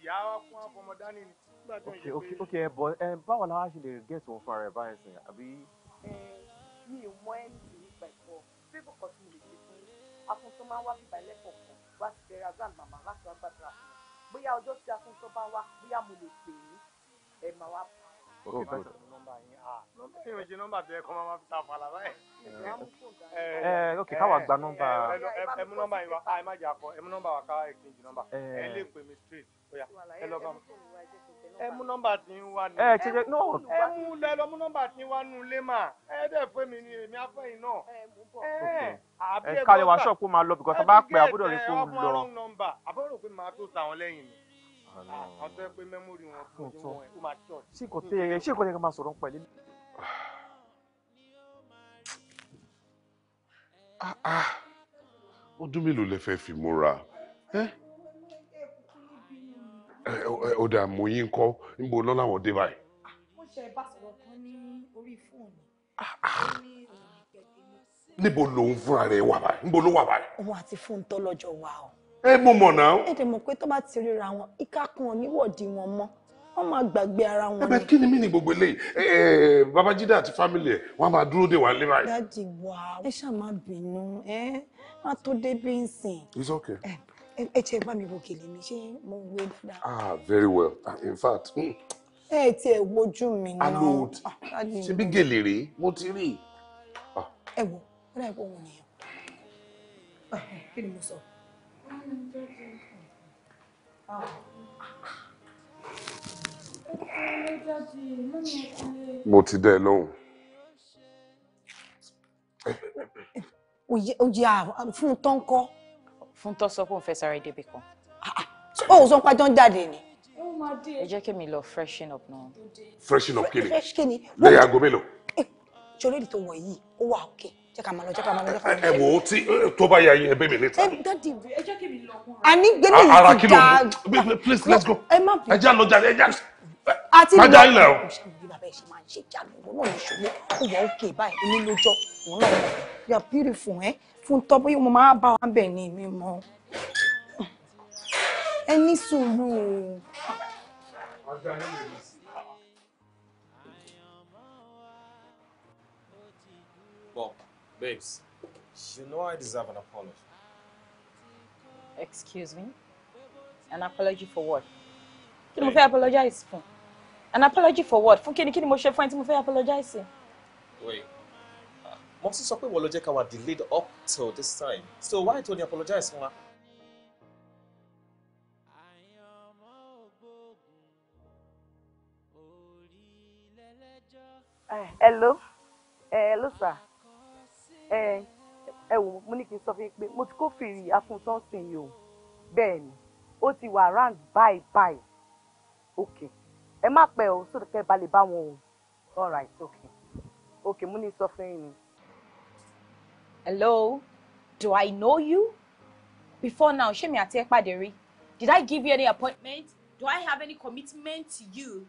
ìyá wa fún afọmọ dání ni nígbà tó ok ẹ bọ ẹ báwo la wá ṣe lè gẹ̀ tó fún ara ẹ báyìí sìn àbí. mi ò mọ ẹni nípa ẹ̀kọ́ fífọ̀ tí mo lè ṣe fún afun tó máa ń wá bíbá ẹlẹ́kọ̀ọ̀kan wá sí bẹ̀rẹ̀ àgbà màmá láti wá gbàdúrà fún bóyá ọjọ́ tí a fún tó bá wá bóyá mo lè pè é ẹ máa wá ok ah nọ́mbà yín ṣe nọ́mbà tó yẹ kó máa fi ta fàlà báyìí. ẹ ẹ ok káwa gba nọ́mbà. ẹ mú nọ́mbà yín wá ẹ má jà kọ ẹ mú nọ́mbà wá ká ẹ kí n jí nọ́mbà ẹ lè pè mí straight bóyá ẹ lọ bá mi ẹ mú nọ́mbà ń wá ní. ẹ ṣe ṣe no. ẹ mú lẹ lọ mú nọ́mbà tí ń wá nù mà ẹ dẹ fún mi ni èmi afẹyìn náà. ẹ ẹ kálẹ̀ wá ṣọ́ọ̀pù máa lọ bìkọ́sì bá pẹ́ àbúrò rẹ kó lọ. àbúrò pé màá tó sàwọn lẹ́yìn ni. Ah, àwọn tó yẹ pé mẹ́mórì wọn kò tó wọn ẹ̀ kó máa tọ̀. ṣé kò tẹ ṣé kò tẹ ẹ máa sọ̀rọ̀ pẹ̀lú. ó ah, ah. mélòó lẹ fẹ́ fi múra? ó dà mú yín kọ́ níbo lọ́la wọ́n dé báyìí. Ah, mo ṣe bá sọ̀rọ̀ kan ní orí fóònù. Ah, ah. níbo lòun fúnra rẹ̀ wà báyìí níbo ló wà báyìí. òun àti fóòntọ́ lọ́jọ́ wa o. ẹ mo mọ̀ náà. ẹ dẹ̀ mọ̀ pé tó bá ti ríra wọn ìkákun oníwọ̀dì wọn mọ́ wọ́n máa gbàgbé ara wọn. ẹ̀bẹ̀ kí ni mí ni gbogbo eléyìí babájídé àti fámìlì ẹ wọ́n máa dúró dè wá lé báyìí. dáàdì wa ẹ ṣáà má bínú ẹ má tó débi ń sìn. it's okay. Eh, ẹ bá mi wo gèlè mi ṣé mo ń wé dáadáa. ah very well ah, in fact. Hmm. ẹ tiẹ̀ wojú mi náà. alo ṣe bí gèlè rèé mo ti rí. Ah. ẹ wo ó dàbí òun nìyẹn ah, kí ni mo sọ. mo ti dẹ́ ẹ lóhùn. òye fún un tán kọ́. Fúntọ́ sọ pé òun fẹ́ sáré débi kan. ó ò sọ pé ajọ́ ń jáde ni. ẹ jẹ́ kí mi lọ freshen up náà. freshen up kini. fresh kí ni. lẹ́yìn aago mélòó. Eh, ṣòro èdè tó wọ̀ yìí ó wà òkè jẹ́ ká máa lọ jẹ́ ká máa lọ jẹ́ ká máa lọ. Eh, ẹ wo ti eh, tó bá yà yín ẹ bẹ́ mi létà. ẹ dọ́dì ẹ jẹ́ kí mi lọ. àní gbẹ́mí yìí ti dáa. ara kí please let's go. ẹ má bọ̀ ẹ jẹ́ àlọ́jà ẹ àti ìlú ilẹ̀ o. mo ṣàlùyé bàbá ẹ̀ eh? fún tọ́ mo máa bá wa bẹ̀ ni mi mọ́ ẹ ní sùúrù. babes, you know I deserve an apology. Excuse me? An apology for what? Can ni apologize for? an apology for what fún kíni kíni mo ṣe fún ẹ tí mo fẹ́ apologize. wait ah, mo sì sọ pé wọ́n ló jẹ́ ká wà delayed up till this time so why tó ní apologize fún wa. Eh, hello eh, hello sir eh, ẹ wò mo ní kí n sọ fún yín pé mo ti kófìrí afuntan sìn yìí o bẹ́ẹ̀ ni ó ti wà round bye bye okay ẹ má pẹ́ o sódò kẹ́ ẹ bá wọn o all right okay okay mo ní sọ fún yín hello do i know you before now ṣé mi àti ẹ pàdé rí did i give you any appointment do i have any commitment to you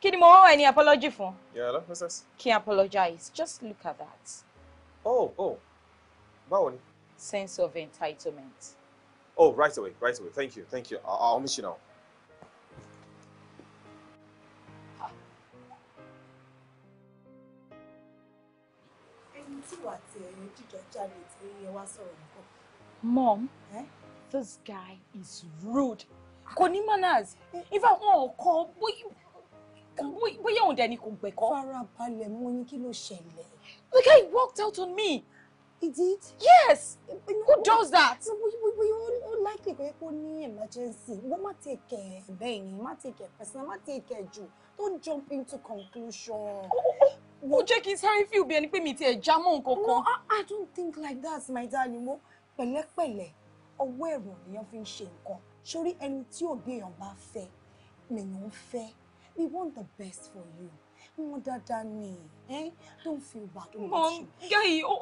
kí ni mo wọ́n ẹni apology fún. yeah hello what's this. kí n apologize just look at that. oh oh báwo ni. sense of entitlement. oh right away right away thank you thank you i'll, I'll miss you now. Mom, eh? this guy is rude. Koni ní manners. In fact, wọn ò kọ́ bóyá òun dẹ̀ ni kò gbẹ̀kọ́. Farabalẹ̀ mo ní kí ló The guy walked out on me. He did? Yes! Who does that? We Ó láìpẹ́ pé kó ní emergency. Wọ́n take ti kẹ̀ bẹ́ẹ̀ ni, má ti kẹ̀ personal, má ti kẹ̀ jù. Don't jump into conclusion. Oh, oh, oh, wo jẹ́ kí n sáré feel bí ẹni pé mi ti ẹ̀ já mọ́ nǹkan kan. i don't think like that my darling mo pẹ̀lẹ́pẹ̀lẹ́ ọwọ́ ẹ̀rọ lèèyàn fi ń ṣe nǹkan sórí ẹni tí òbí èèyàn bá fẹ́ lèèyàn ń fẹ́ we want the best for you wọn dáadáa ni eh? don't feel bad olùṣọ. mom gayi o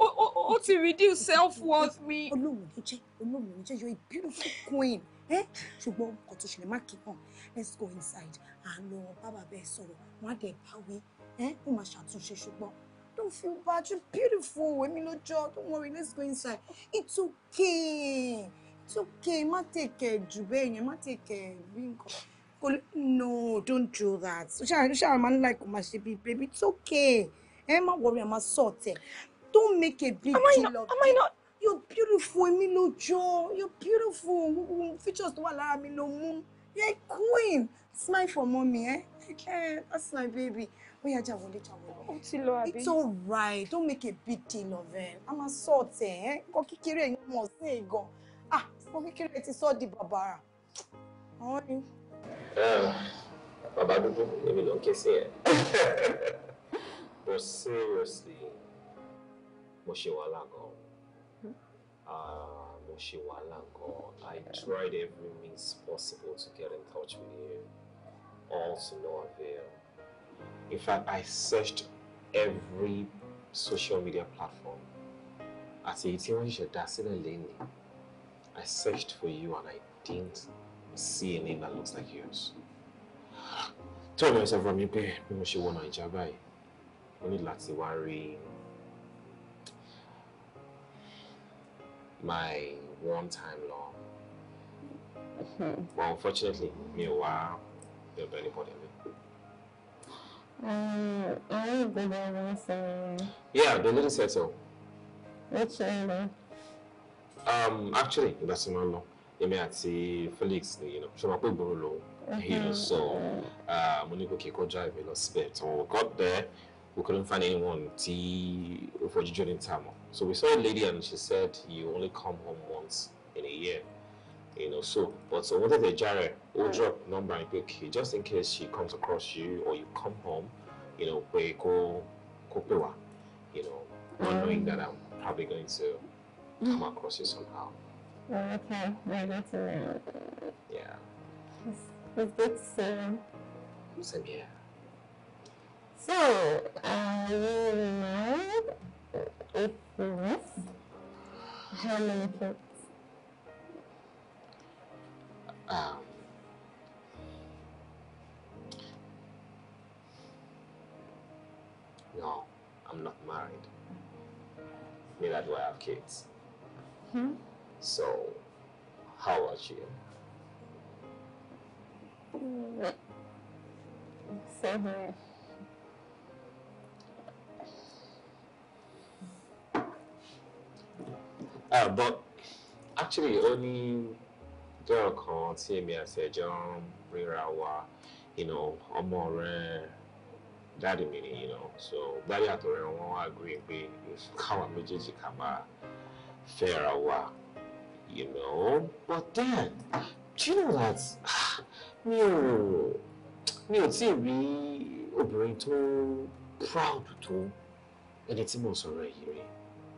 o ti reduce self worth mi. olóòwò ló jẹ́ olóòwò ló jẹ́ you're a beautiful queen Eh? ṣùgbọ́n ọkọ̀ tó ṣẹlẹ̀ má kí hàn let's go inside àlọ́ bàbá bẹ́ẹ̀ sọ̀rọ̀ wọ́n á dẹ̀ bá wí mo máa ṣàtúnṣe ṣùgbọ́n don't feel bad you're beautiful èmi ló jọ don't worry let's go inside it's okay it's okay má tèkẹ̀ jù bẹ́ẹ̀ yẹn má tèkẹ̀ bí nǹkan kò lè no don't do that ó ṣáà máa ń láì kó máa ṣe bíi baby it's okay ẹ má worry ẹ má sọ̀tẹ̀ don't make a big deal of it you're beautiful èmi ló jọ you're beautiful features tó wà lára mi ló mú you're a queen smile for mommy eh? eh that's my baby ó yá jà wọlé jà wọlé. ó ti lọ àbí. it's alright don't make a big deal of it I'm a máa sọ ọ̀tẹ̀ ẹ́ kọ́ kékeré yìí mọ̀ sí ìgàn ah kọ́ kékeré ti sọ di bàbàrà. bàbá dúdú èmi ló ń ké sí yẹn but seriously mo ṣe wàhálà gan ah, mo ṣe wàhálà gan I tried every means possible to get in touch with you all to no avail. In fact, I searched every social media platform. Àti èyí tí wọ́n ṣẹ̀ṣẹ̀ dá sílẹ̀ lẹ́yìn. I searched for you and I didn't see a name that looks like yours. Tell myself from you pé bí mo ṣe wọ Nàìjíríà báyìí, mo worry my one-time love. mm Well, unfortunately, mi while wá bẹ̀rẹ̀ anybody. Um, I ain't been there once. Yeah, the lady said so. Which area? Um, actually, that's not long. may àti Felix you know, ṣe máa pé ìgboro lò mm-hmm. hero so uh, mo ní gòkè kọjá ìwé lọ síbẹ̀ so we got there we couldn't find anyone tí ó fọ jíjọ́ ní so we saw a lady and she said you only come home once in a year. you know, so, but so what if a Jared will right. Mm. drop number and okay, just in case she comes across you or you come home, you know, pay go kopewa, you know, not mm. knowing that I'm probably going to come mm. across you somehow. Okay, yeah, that's a yeah. It's, it's, it's so yeah. So, are you married? If yes, how many people? Um, no, I'm not married. Neither do I have kids. Hmm? So, how about you? Same here. Uh, but actually, only jẹ́ ọ̀kan tí èmi àti ẹ̀jọ́ ń ríra wa ọmọ rẹ̀ dáàdì mi ni so dáàdì àtọ̀rẹ́ wọn wá agree pé káwa méjèèjì ká máa fẹ́ra wa you know but then do you know that mi ò mi ò tí ì rí obìnrin tó proud tó ẹni tí mo sọ̀rọ̀ yìí rí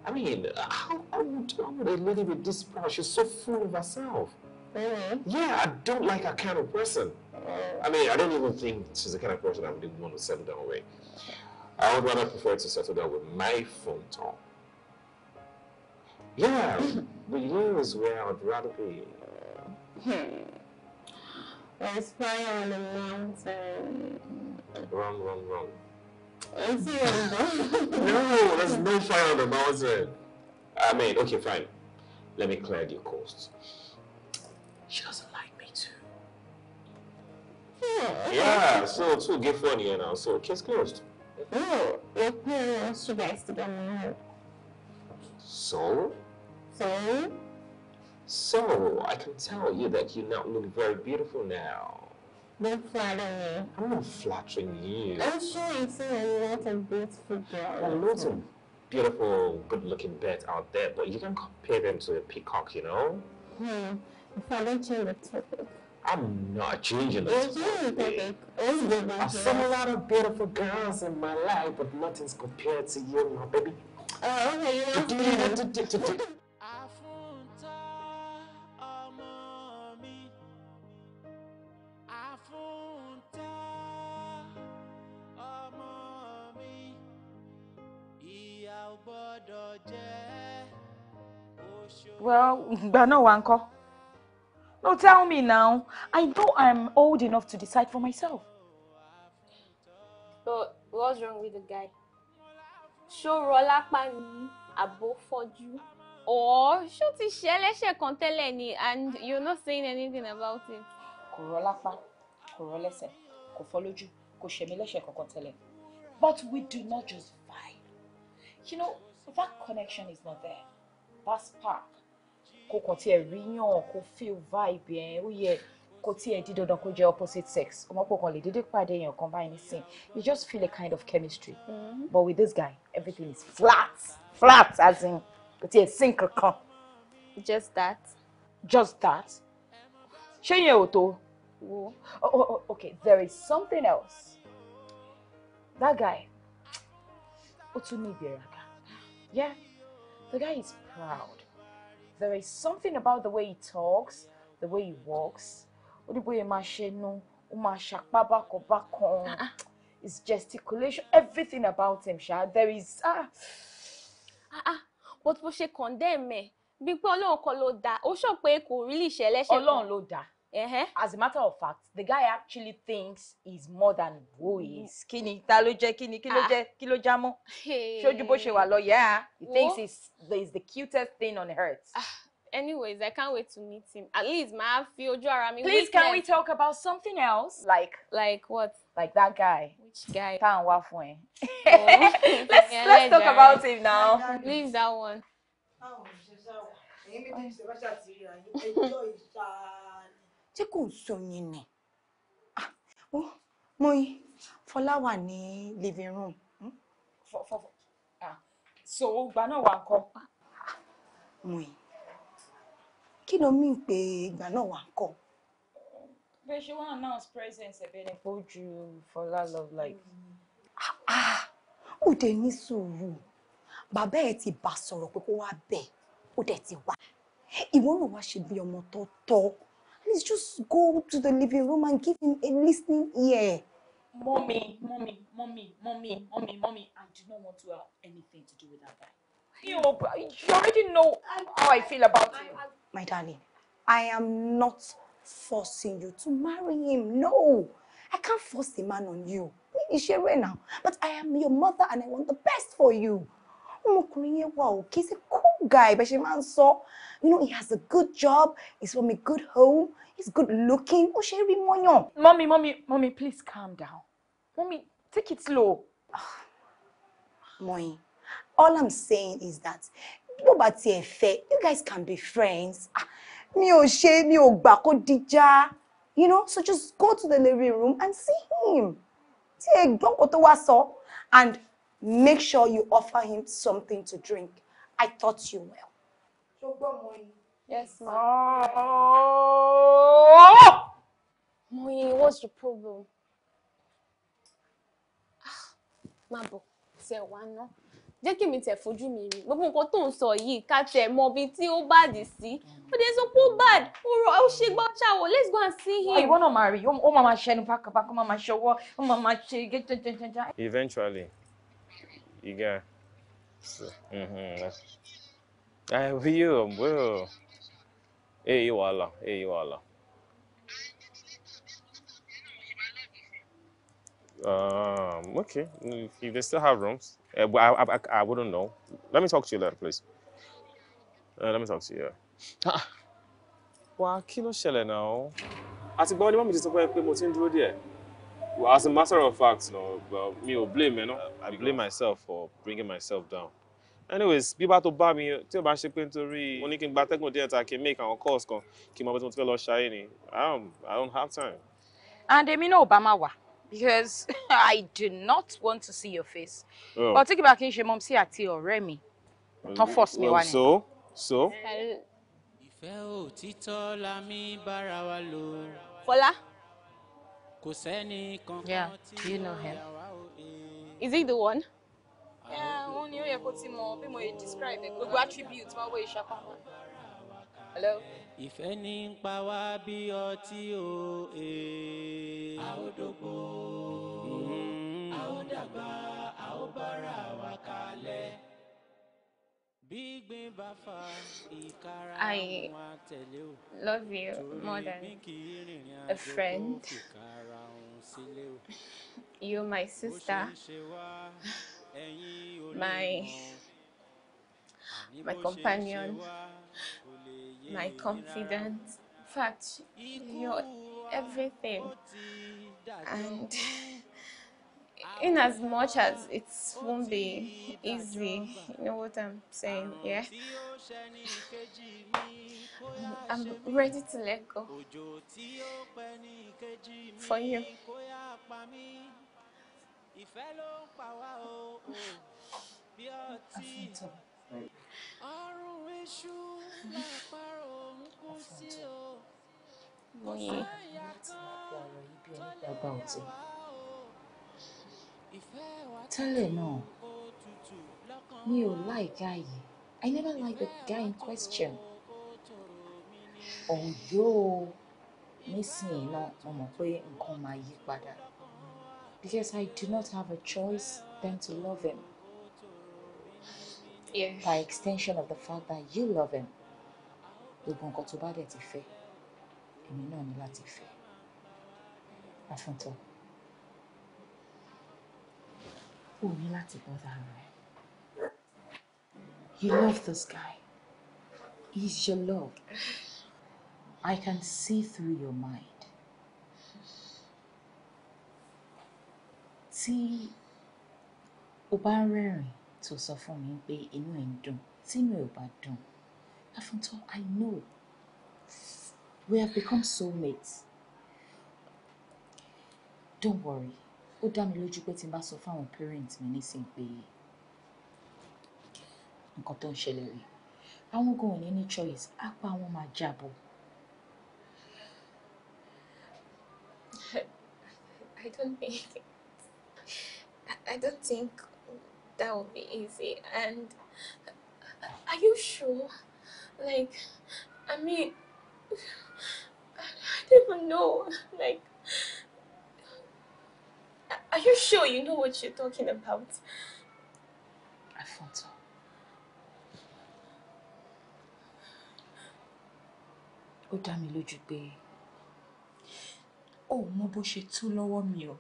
I mean how, how, would, how would a lady be this proud she's so full of herself. Really? Mm-hmm. Yeah, I don't like that kind of person. Mm-hmm. I mean, I don't even think she's the kind of person I would even want to settle down with. I would rather prefer to settle down with my phone talk. Yeah, mm-hmm. but you is where I'd rather be. Hmm. There's fire on the mountain. Wrong, wrong, wrong. Is it no, there's no fire on the mountain. I mean, okay, fine. Let me clear the coast. She doesn't like me too. Yeah, so two get phone here now, so kiss closed. Oh, yeah. parents you guys to get So? So? So, I can tell you that you now look very beautiful now. Don't flatter me. I'm not flattering you. I'm sure you see a lot of beautiful girls. A lots of beautiful, good-looking birds out there, but you can compare them to a peacock, you know? Hmm. If I I'm not changing the topic. I saw a lot of beautiful girls in my life, but nothing's compared to you, my baby. Oh, okay, Well, gbà náà one call. No, tell me now. I know I'm old enough to decide for myself. But what's wrong with the guy? Ṣó rọlá pa ni àbò you, Or ṣó ti ṣe ẹlẹ́ṣẹ̀ kan tẹ́lẹ̀ ni and you're not saying anything about it? Kò rọlá pa, kò rọ lẹ́sẹ̀, kò fọ́ lójú, kò ṣe mí lẹ́ṣẹ̀ But we do not just vibe. You know, that connection is not there. That spark kó kàn tiẹ̀ rí yàn kó feel vibe yẹn ó yẹ kò tiẹ̀ di dandan kó jẹ́ opposite sex ọmọkùnrin kan lè dédé pàdé èèyàn kan báyìí nísìn you just feel a kind of chemistry mm -hmm. but with this guy everything is flat flat as in kò tiẹ̀ sink kankan. just that. just that. ṣé yẹn ò tó. wo oh, oh, oh, okay there is something else that guy ó tún ní ìgbéraga yeah the guy is proud there is something about the way he talks the way he walks ó dìbò yẹn máa his ah, ah. gesticulation everything about him ṣá there is. Ah. Ah, ah. but bó ṣe condemn me. bí pé ọlọ́run kan ló dáa ó sọ pé kò rí lè ṣe ẹlẹ́ṣẹ̀ kan ọlọ́run ló dáa Uh-huh. As a matter of fact, the guy actually thinks he's more than who mm. he is. Kíni, ta jẹ́ kíni, kí ló ah. jẹ́, kí jámọ́. yeah. He thinks he's, he's the cutest thing on earth. Ah, anyways, I can't wait to meet him. At least my fi ojú ara mi. Please, can we talk about something else? Like Like what? Like that guy. Which guy? Tan à ẹ. Oh. Let's let's talk about him now. Leave that one. Oh, tí kò sọ yín ni ah, mo yin Fọlá wà ní living room. Hmm? Ah, so ìgbà náà wà ńkọ́. mo yin kí ló mí pé ìgbà náà wà ńkọ́. bẹ́ẹ̀ ṣe wọ́n announce presence ẹ̀bẹ̀ ni kó ju Fọlá love life. Ah, ó dẹ̀ ní sùúrù bàbá ẹ̀ ti bá sọ̀rọ̀ pé kó wá bẹ̀ ó dẹ̀ ti wá ìwọ náà wá ṣe bí ọmọ tó tọ́ please just go to the living room and give him a listening ear. Mommy, mommy, mommy, mommy, mommy, mommy, I do not want to have anything to do with that guy. You, you already know how I feel about you. My darling, I am not forcing you to marry him. No, I can't force a man on you. Ishare now. But I am your mother and I want the best for you ọmọkùnrin yẹn wà òkè he's a cool guy bẹ́ẹ̀ ṣe máa ń sọ you know he has a good job he's from a good home he's good looking ó ṣe rí mọ́yàn. mọ́mí mọ́mí mọ́mí please calm down mọ́mí take it slow. mọ́yìn all i'm saying is that bó bá tiẹ̀ fẹ́ you guys can be friends ah, mi ò ṣe mi ò gbà kó dìjà you know so just go to the living room and see him tí ẹ gbọ́n kó tó wá sọ and make sure you offer him something to drink. I taught you well. Yes, ma'am. Oh! Moyin, what's the problem? Ah, Mabo, bọ̀, ṣe wá ná. Jẹ́ kí mi tẹ̀ fojú mi rí. Gbogbo nǹkan tó ń sọ yìí ká tẹ̀ mọ ibi tí ó bàdì sí. Ó dé sọ bad. Ó rọ ó ṣe gbọ́ ṣàwọ̀. Let's go and see him. Ìwọ náà máa rí. Ó máa máa ṣẹnu bákan bákan, Mama máa máa ṣọwọ́, ó máa máa ṣe gẹ́gẹ́gẹ́gẹ́. Eventually. Igen. Uh-huh. Elhívjam, bro. Éj jó alla, éj jó alla. Um, okay, if they still have rooms, uh, I, I, I I wouldn't know. Let me talk to you later, please. Uh, let me talk to you. Wà kilo kí ló ṣẹlẹ̀ náà? Àtìgbà wọn ni mọ́mí ti sọ pé mo ti ń dúró Well, as a matter of fact, no, well, me will blame you know. I blame myself for bringing myself down. Anyways, bí bá tó bá mi tí o bá ṣe pé nítorí mo ní kí n gba atẹ́gùn díẹ̀ ta kí n make àwọn calls kan kí n mọ bí mo ti fẹ́ lọ ṣayé ni I don't have time. And èmi náà ò bá máa wà because I do not want to see your face. Oh. But tí kì bá kí n ṣe mọ́ sí àti ọ̀rẹ́ mi, wọ́n force mi wá ni. So so. Ìfẹ́ òtítọ́ la mi bára wa lò. Fọlá. Yeah, do you know him? Is he the one? Yeah, wọ́n ní ó yẹ kó mo yẹ describe ẹ̀ gbogbo attribute máa wọ ìṣàpamọ́. Hello. Ìfẹ́ ní ń pa wá bí ọtí o èè. E. A ó dógbò, a ó I love you more than a friend. You, my sister, my my companion, my confidant. In fact, you're everything. And in as much as it won't be easy, you know what I'm saying, yeah? I'm ready to let go for you. Mo yẹ. Tẹ́lẹ̀ náà, mi ò like guy yìí. I never liked the guy in question. Although nísìnyí náà mo mọ̀ pé nǹkan máa yí padà because I do not have a choice than to love him. Yes. By extension of the fact that you love him. Gbogbo nǹkan tó bá dẹ̀ ti fẹ́, èmi náà ní láti fẹ́. Afúntọ́. kò ní láti bọ́dà rẹ̀. You love this guy. He's your love. I can see through your mind. Tí o bá ń rẹ́rìn tó sọ fún mi pé inú ẹ̀ ń dùn, tí inú ẹ̀ ò bá dùn, Afuntọ, I know. We have become soulmates. Don't worry ó dá mi lójú pé tí n bá sọ fáwọn parents mi nísìnyí pé nǹkan tó ń ṣẹlẹ̀ rèé àwọn gan ò ní choice apá wọn máa jábọ́. I don't think I don't think that will be easy and are you sure? Like, I mean, I don't even know. Like, Are you sure you know what you're talking about? I thought so. Ó dá mi lójú pé ó mọ bó ṣe tó lọ́wọ́ mi o.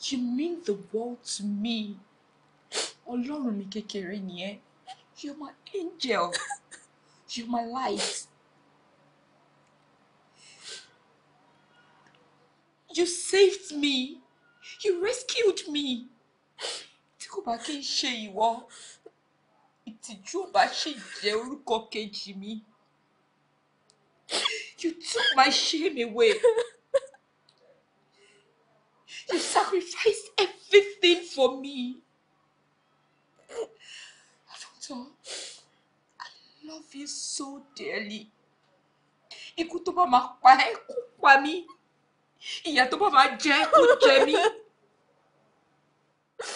You mean the world to me. Ọlọ́run mi kékeré nìyẹn. You're my angel. You're my light. You saved me. You rescued me. Tí kò bá kí n ṣe ìwọ, ìtìjú ò bá ṣì jẹ́ orúkọ kejì mi. You took my shame away. You sacrificed everything for me. Doctor, I love you so dearly. Ikú tó bá máa pa ẹ́ kó pa mí. Ìyà tó bá máa jẹ kó jẹ mí. All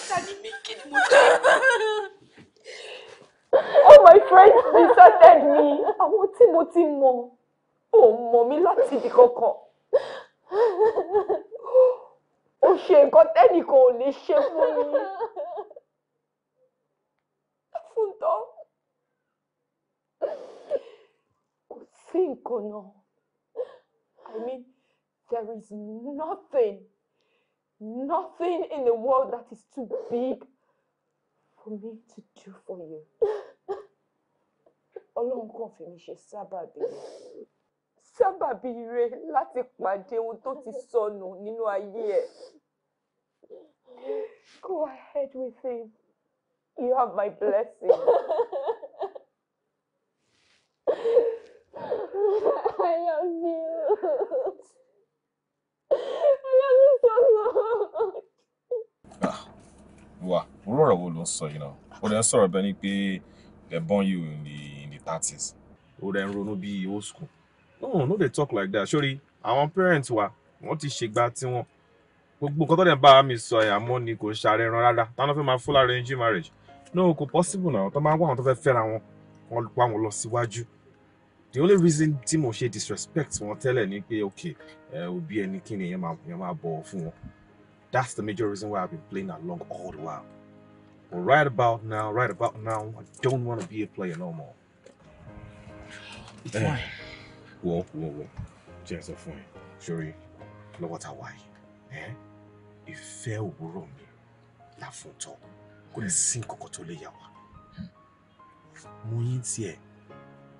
oh, my friends deserted me. Àwọn tí mo ti mọ̀ ò mọ̀ mí láti ibì kankan. Ó ṣe nǹkan tẹ́nìkan ò lè ṣe fún mi. Fún tán. Kò sí nǹkan náà. I mean, there is nothing nothing in the world that is too big for me to do for you. Ọlọ́run kàn fi mi ṣe sábàbí sábàbí ire láti pàdé ohun tó ti sọnù nínú ayé ẹ. Go ahead with him. You have my blessing. I love you. Ah, wà irú ọ̀rọ̀ wo ló ń sọ yìí náà ó lè ń sọ̀rọ̀ bẹ́ẹ̀ ni pé they born you in the in the thirties ó lè ń ronú bí old school no no dey talk like that sórí àwọn parents wa wọ́n ti ṣègbà tiwọn gbogbo nǹkan tó dẹ̀ ń bá mi sọ ẹ̀ àmọ́ ni kò ṣàrẹ̀ ran rárá táwọn fẹ́ máa full arrange marriage no kò possible náà tó máa ń wá àwọn tó fẹ́ fẹ́ra wọn wọn pa wọn lọ síwájú the only reason tí mo ṣe disrespect wọn tẹ́lẹ̀ ni pé okay òbí ẹni kí ni yẹn máa bọ̀wọ̀ fún wọn that's the major reason why I've been playing along all the while but right about now right about now I don't wanna be a player no more. wọ́n wọ́n wọ́n jẹ́ ẹ sọ fún ẹ sórí lọ́wọ́ tá a wà yìí ìfẹ́ òwúrọ̀ mi la fún tọ́ kò ní sí nǹkan kan tó lè yà wá mo yín tiẹ̀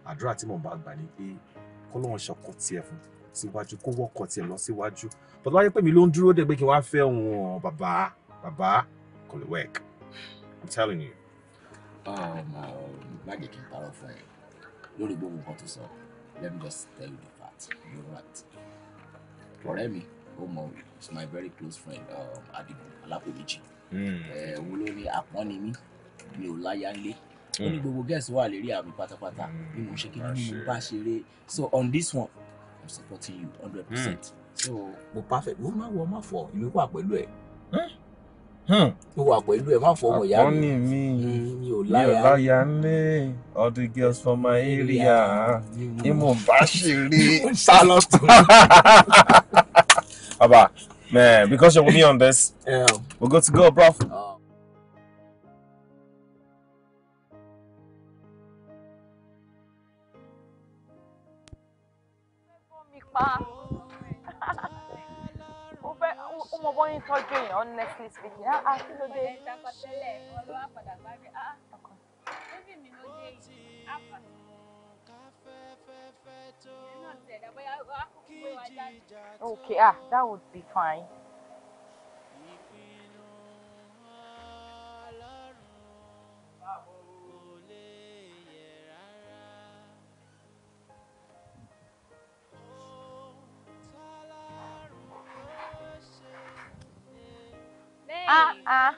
àdúrà tí mò ń bá gbà ni pé kọ́lọ́run ṣọkọ tiẹ̀ fún síwájú kó wọ́kọ̀ tiẹ̀ lọ síwájú bọ́dọ̀ wáyé pé mi ló ń dúró dé pé kí n wá fẹ́ wọn bàbá bàbá kò lè work i'm telling you. ọmọ má jẹ́ kí n parọ́ fún ẹ lórí gbogbo nǹkan tó sọ let me just tell you the fact you're right ọ̀rẹ́ mi ó mọ is my very close friend um, adigun alakomeji hmm. òun ló ní àpọ́n ni mí mi ò láyà ń lé ó ní hmm. gbogbo guest wà lérí àmì pátápátá hmm. bí mo ṣe kí ah, ni mo bá ṣe eré so on this one i'm supporting you hundred hmm. percent. so mo perfect wo má wọ má fọ èmi wà pẹ̀lú ẹ̀ mo wà pẹ̀lú ẹ̀ má fọ ọmọ ìyá mi mi ò láyà ní all the girls from my area ni mo bá ṣe eré sálọ tó. Baba, man, because you're with me on this, yeah. we're good to go, bro. Uh, pa mo fẹ́ ó mọ yín tọ́jú yẹn honestly speaking ah ah kí ló dé. Ah, okay ah that would be fine Ah ah.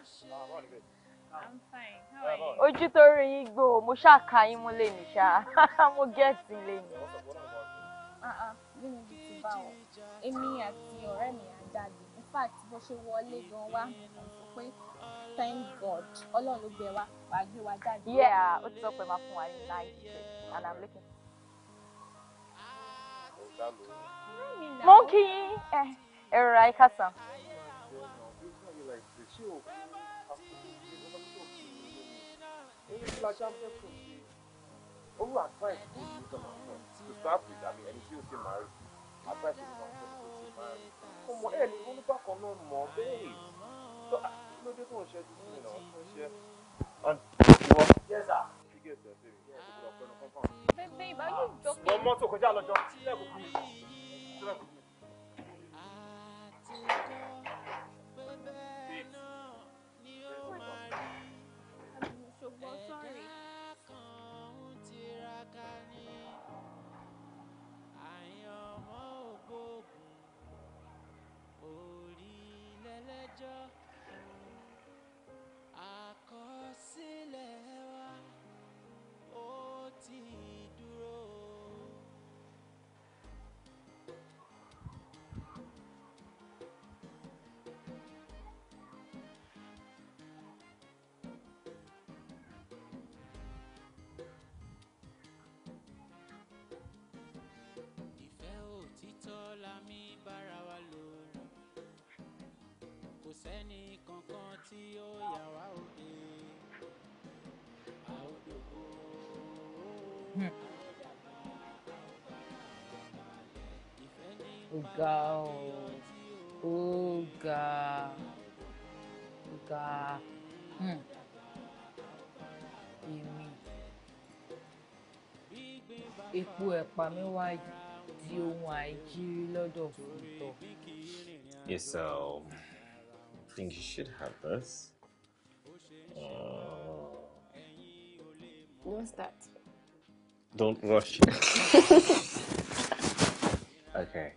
I'm fine. How are you? Ojú tó rí yín gbò, mo ṣàkà yín mú lè ní ṣá. Mo gẹ̀ẹ́sì lè ní. èmi àti ọ̀rẹ́ mi á jáde. In fact, bó ṣe wọlé gan wá, sọ pé thank God, Ọlọ́run ló wa, wà á gbé wa jáde. Yeah, ó ti sọ pé máa fún wa ní láìpẹ́ and I'm looking. Mo kí yín ẹ̀rọ àìkásán tí ò fi àfojúsí lọ́wọ́ tí ò fi nílé mi èyí tí lajá ń fẹ́ fún mi owó advice kò ní ìtàn máa ń fẹ́ to start with àbí ẹni tí ó ti máa rí advice kò ní máa ń fẹ́ tó ti máa rí ọmọ ẹ̀ ní wọ́n ní bákan náà mọ̀ bẹ́ẹ̀ tó lóde tó ń ṣe tó ń ṣe tó ń ṣe. Yes, sir. Yes, sir. Yes, sir. Babe, are you joking? Mo mọ́tò kọjá lọ́jọ́. Ṣé ẹ kò kú mi? Ṣé ẹ kò kú mi? tòótọ́ la mí bára wa lò rà kò sẹ́ni kankan tí ó yà wá òde àódògbò àódàgbà àóbára wa balẹ̀ ìfẹ́ ní èmi epo ẹ̀pà mi wáyé. you ohun àìjírí I think you should have this. Uh... What's that? Don't rush. okay.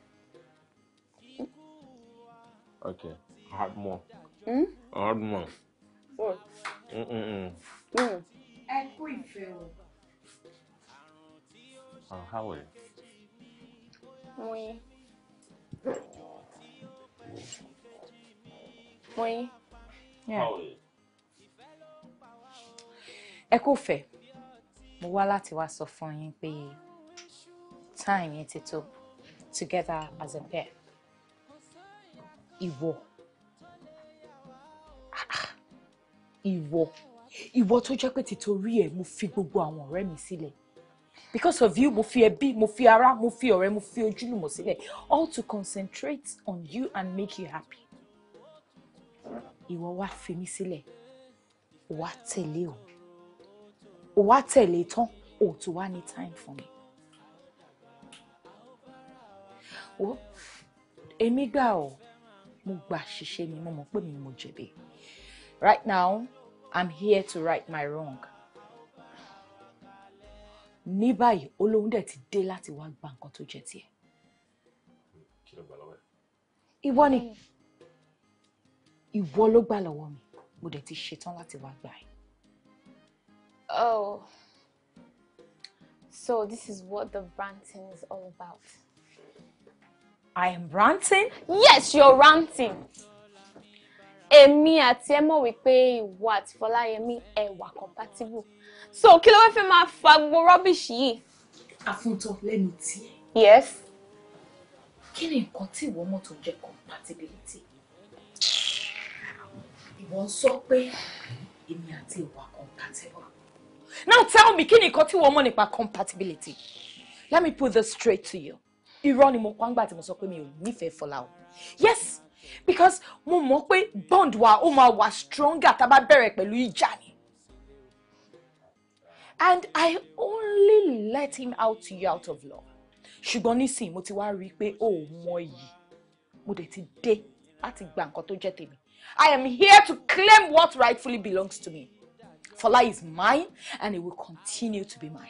Okay. I have more. Mm? I had more. What? Mm mm mm. Mm. I who feel? how are you? Muy. Muy. Yeah. Ẹ kú fẹ́, mo wá láti wá sọ fún yín pé time yẹn ti tó together as a pair. Ìwọ. Ìwọ. Ìwọ tó jẹ́ pé tìtorí ẹ̀ mo fi gbogbo àwọn ọ̀rẹ́ mi sílẹ̀. Si because of you mo fi ẹbí mo fi ara mo fi ọ̀rẹ́ mo fi ojúlùmọ̀ sílẹ̀ all to concentrate on you and make you happy ìwọ wá fi mí sílẹ̀ wá tẹ̀lé o wá tẹ̀lé tán o tó wá ní time for me. O èmi gbà ọ mo gbà ṣiṣẹ́ mi mo mọ̀ pé mi mo jẹ̀bi right now i'm here to right my wrong ní báyìí olóhùn dẹ̀ ti dé láti wá gba nǹkan tó jẹ́ tiẹ̀. ìwọ ni ìwọ ló gbà lọ́wọ́ mi mo dẹ̀ ti ṣetán láti wá gbà ẹ̀. oh so this is what the ranting is all about. I am ranting? Yes, you're ranting. Èmi àti ẹ mọ̀ wípé ìwọ àti Fọláyẹmí ẹ wà compatible so kí ló fẹ́ fẹ́ máa fa gbogbo rọ́bìṣì yìí. àfúntọ lẹ́nu tiẹ̀. yes. kí ni nǹkan tí ìwọ mọ̀ tó ń jẹ́ compatibility. ìwọ ń sọ pé èmi àti ìwà compatible. now tell me kí ni nǹkan tí ìwọ mọ̀ nípa compatibility let me put this straight to you irọ́ ni mo pa ńgbà tí mo sọ pé mi ò nífẹ̀ẹ́ fọlá o yes because mo mọ̀ pé bond wa ó máa wà stronger tá a bá bẹ̀rẹ̀ pẹ̀lú ìjà ni and I only let him out to you out of love ṣùgbọ́n nísìnyí mo ti wá rí i pé ó mọ yìí mo dẹ̀ ti dé láti gba nǹkan tó jẹ́ tèmi I am here to claim what rightfully belongs to me Fola is mine and it will continue to be mine.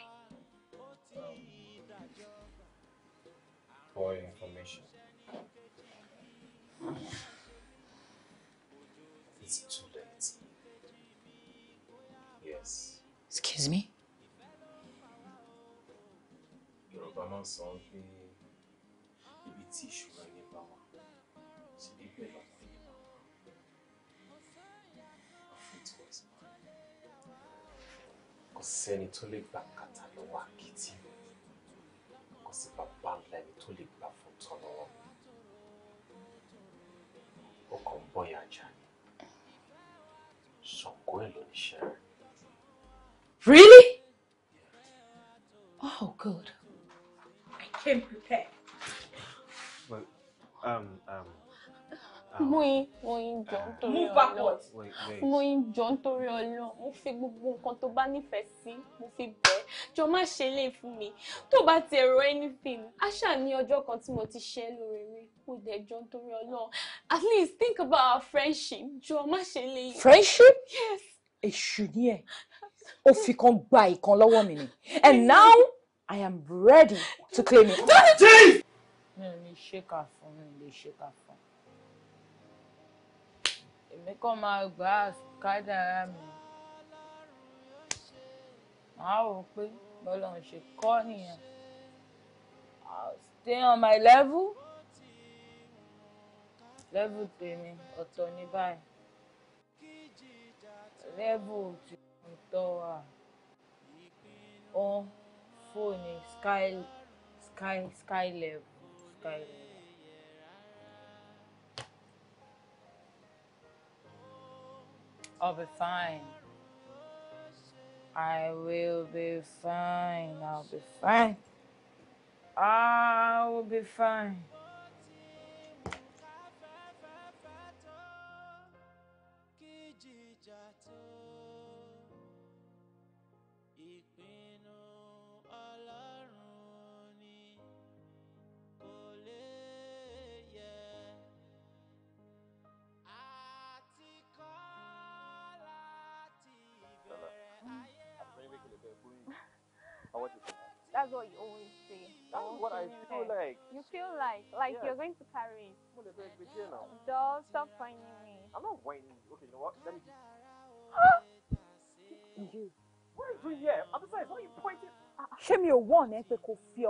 For information, it's too late. Yes. Excuse me? máa ń sọ pé ibi tí ìṣúra ẹni bá wà sí bíbẹ̀ lọ́pọ̀ ẹni bá wà. Àfitì wọ́n ti máa ń kò sẹ́ni tó lè gbà kàtà lọ́wọ́ àkìtì kò sí bàbá ńlá ẹni tó lè gbà fún tán lọ́wọ́. Ó kàn ń bọ̀yà ajá ni. Really? Oh, good came prepared. But, um, um, Moyin, um. Moyin John torí Ọlọ́run. Move backwards. Wait, wait. Moyin John torí Ọlọ́run. Mo fi gbogbo nǹkan tó bá nífẹ̀ẹ́ sí, mo fi bẹ̀ ẹ́. Jọ má ṣe lè fún mi. Tó bá ti ẹ̀rọ anything, á ṣà ní ọjọ́ kan tí mo ti ṣe lórí rí. Kò dẹ̀ John torí Ọlọ́run. At least think about our friendship. Jọ má ṣe lè. Friendship? Yes. Èṣù ni ẹ̀. Ó fi kan gba ìkan lọ́wọ́ mi ni. And now. I am ready to claim it. Daddy! Mi ò ní shake fún mi, lè shake fún. Èmi kàn come out á kádàrá mi. Màá rò pé bọ́lá ń ṣe kọ́ nìyẹn. I'll stay on my level. Level tèmi ọ̀tọ̀ ní báyìí. Level tí mo tọ́ wa. Ohun. phone sky sky sky level sky level. I'll be fine. I will be fine. I'll be fine. I will be fine. How about you? That's what you always say. That's what I feel like. like. You feel like, like yeah. you're going to Paris. I'm going with you now. Duh, stop whining me. I'm not whining Okay, you know what? Let me just... What are you doing here? I'm besides, Why are you pointing? Ṣé mi ò wọ̀n ẹ́ pé kò fi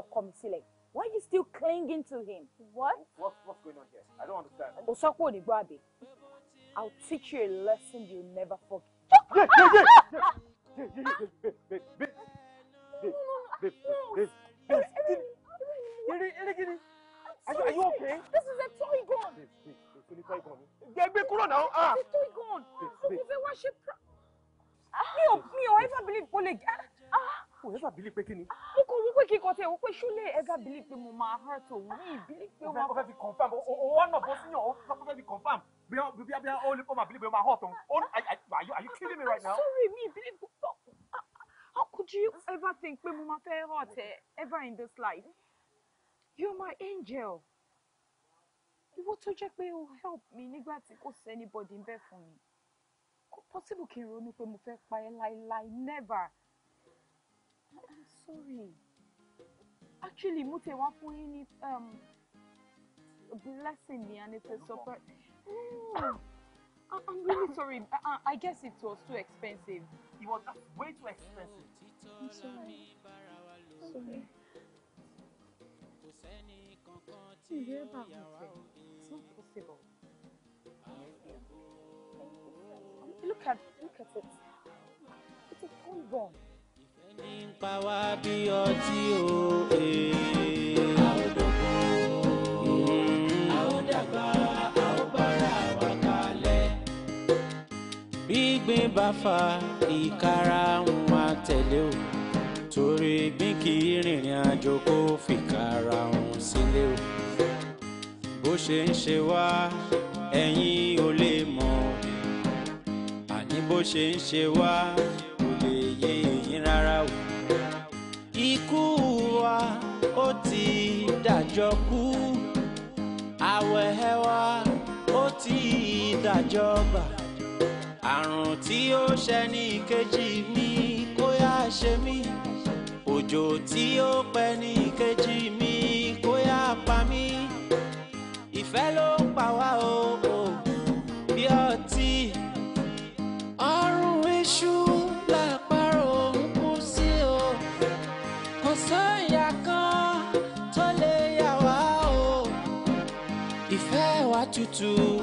Why are you still clinging to him? What? what? What's going on here? I don't understand. Osako Odigbo I'll teach you a lesson you'll never forget. Yeah, yeah, yeah, yeah, yeah, yeah, yeah, yeah, yeah, yeah babe, babe, babe, babe. Iri, Iri, Iri. Are you, are you okay? This is a toy gun. Babe, babe, babe, toy gun. Gbẹ̀gbẹ̀ kúrò náà. Ah. It's toy gun. Babe, babe. Wá ṣe pra. Ah. Mi ò, mi believe ó lè ga. Ah. Ó ever believe pé ah. ah. kíni? Mo kò wò pé kíkọ tí ẹ wò pé ṣúlẹ̀ ẹ̀gá believe pé mo máa hurt òun. Mi ì believe pé ó máa. Ó fẹ́ fi confirm. Ó nà bó sí yàn. Ó fẹ́ fi confirm bí bí bí ó máa believe pé ó máa hurt òun. Are you are you killing me right now? sorry, me ì believe. How could you ever think pé mo máa fẹ́ hurt ever in this life? You're my angel. Ìwọ tó jẹ́ pé o help me nígbà tí kò sí anybody ń bẹ̀ fún mi. Kò possible kí n ronú pé mo fẹ́ pa ẹ́ láéláé never. I'm sorry. Actually, mo tẹ̀ wá fún yín ní um, blessing ni and it's a surprise. Oh, I'm really sorry. I, I guess it was too expensive. It was way too expensive. I'm sorry. sorry. Please remember It's not possible. Look at, look at it. It is full bomb. nípa wá bí ọtí o. àwọn dàgbà. gbígbín bá fa ìkara ń máa tẹ̀lé o torí gbín kì í rìnrìn àjò kó fìkara òun sílé o bó ṣe ń ṣe wá ẹ̀yin ò lè mọ̀ àní bó ṣe ń ṣe wá kò lè yé yín rárá o ikú wa ó ti dàjọ kú àwẹ̀ wa ó ti dàjọ gbà àrùn tí ó ṣe ní ìkejì mi kó yá ṣe mí òjò tí ó pẹ́ ní ìkejì mi kó yá pa mí ìfẹ́ ló ń pa wá o bí ọtí ọrùn iṣu làpárò ń kú sí o kò sóyà kan tó lè yà wá o ìfẹ́ wa tútù.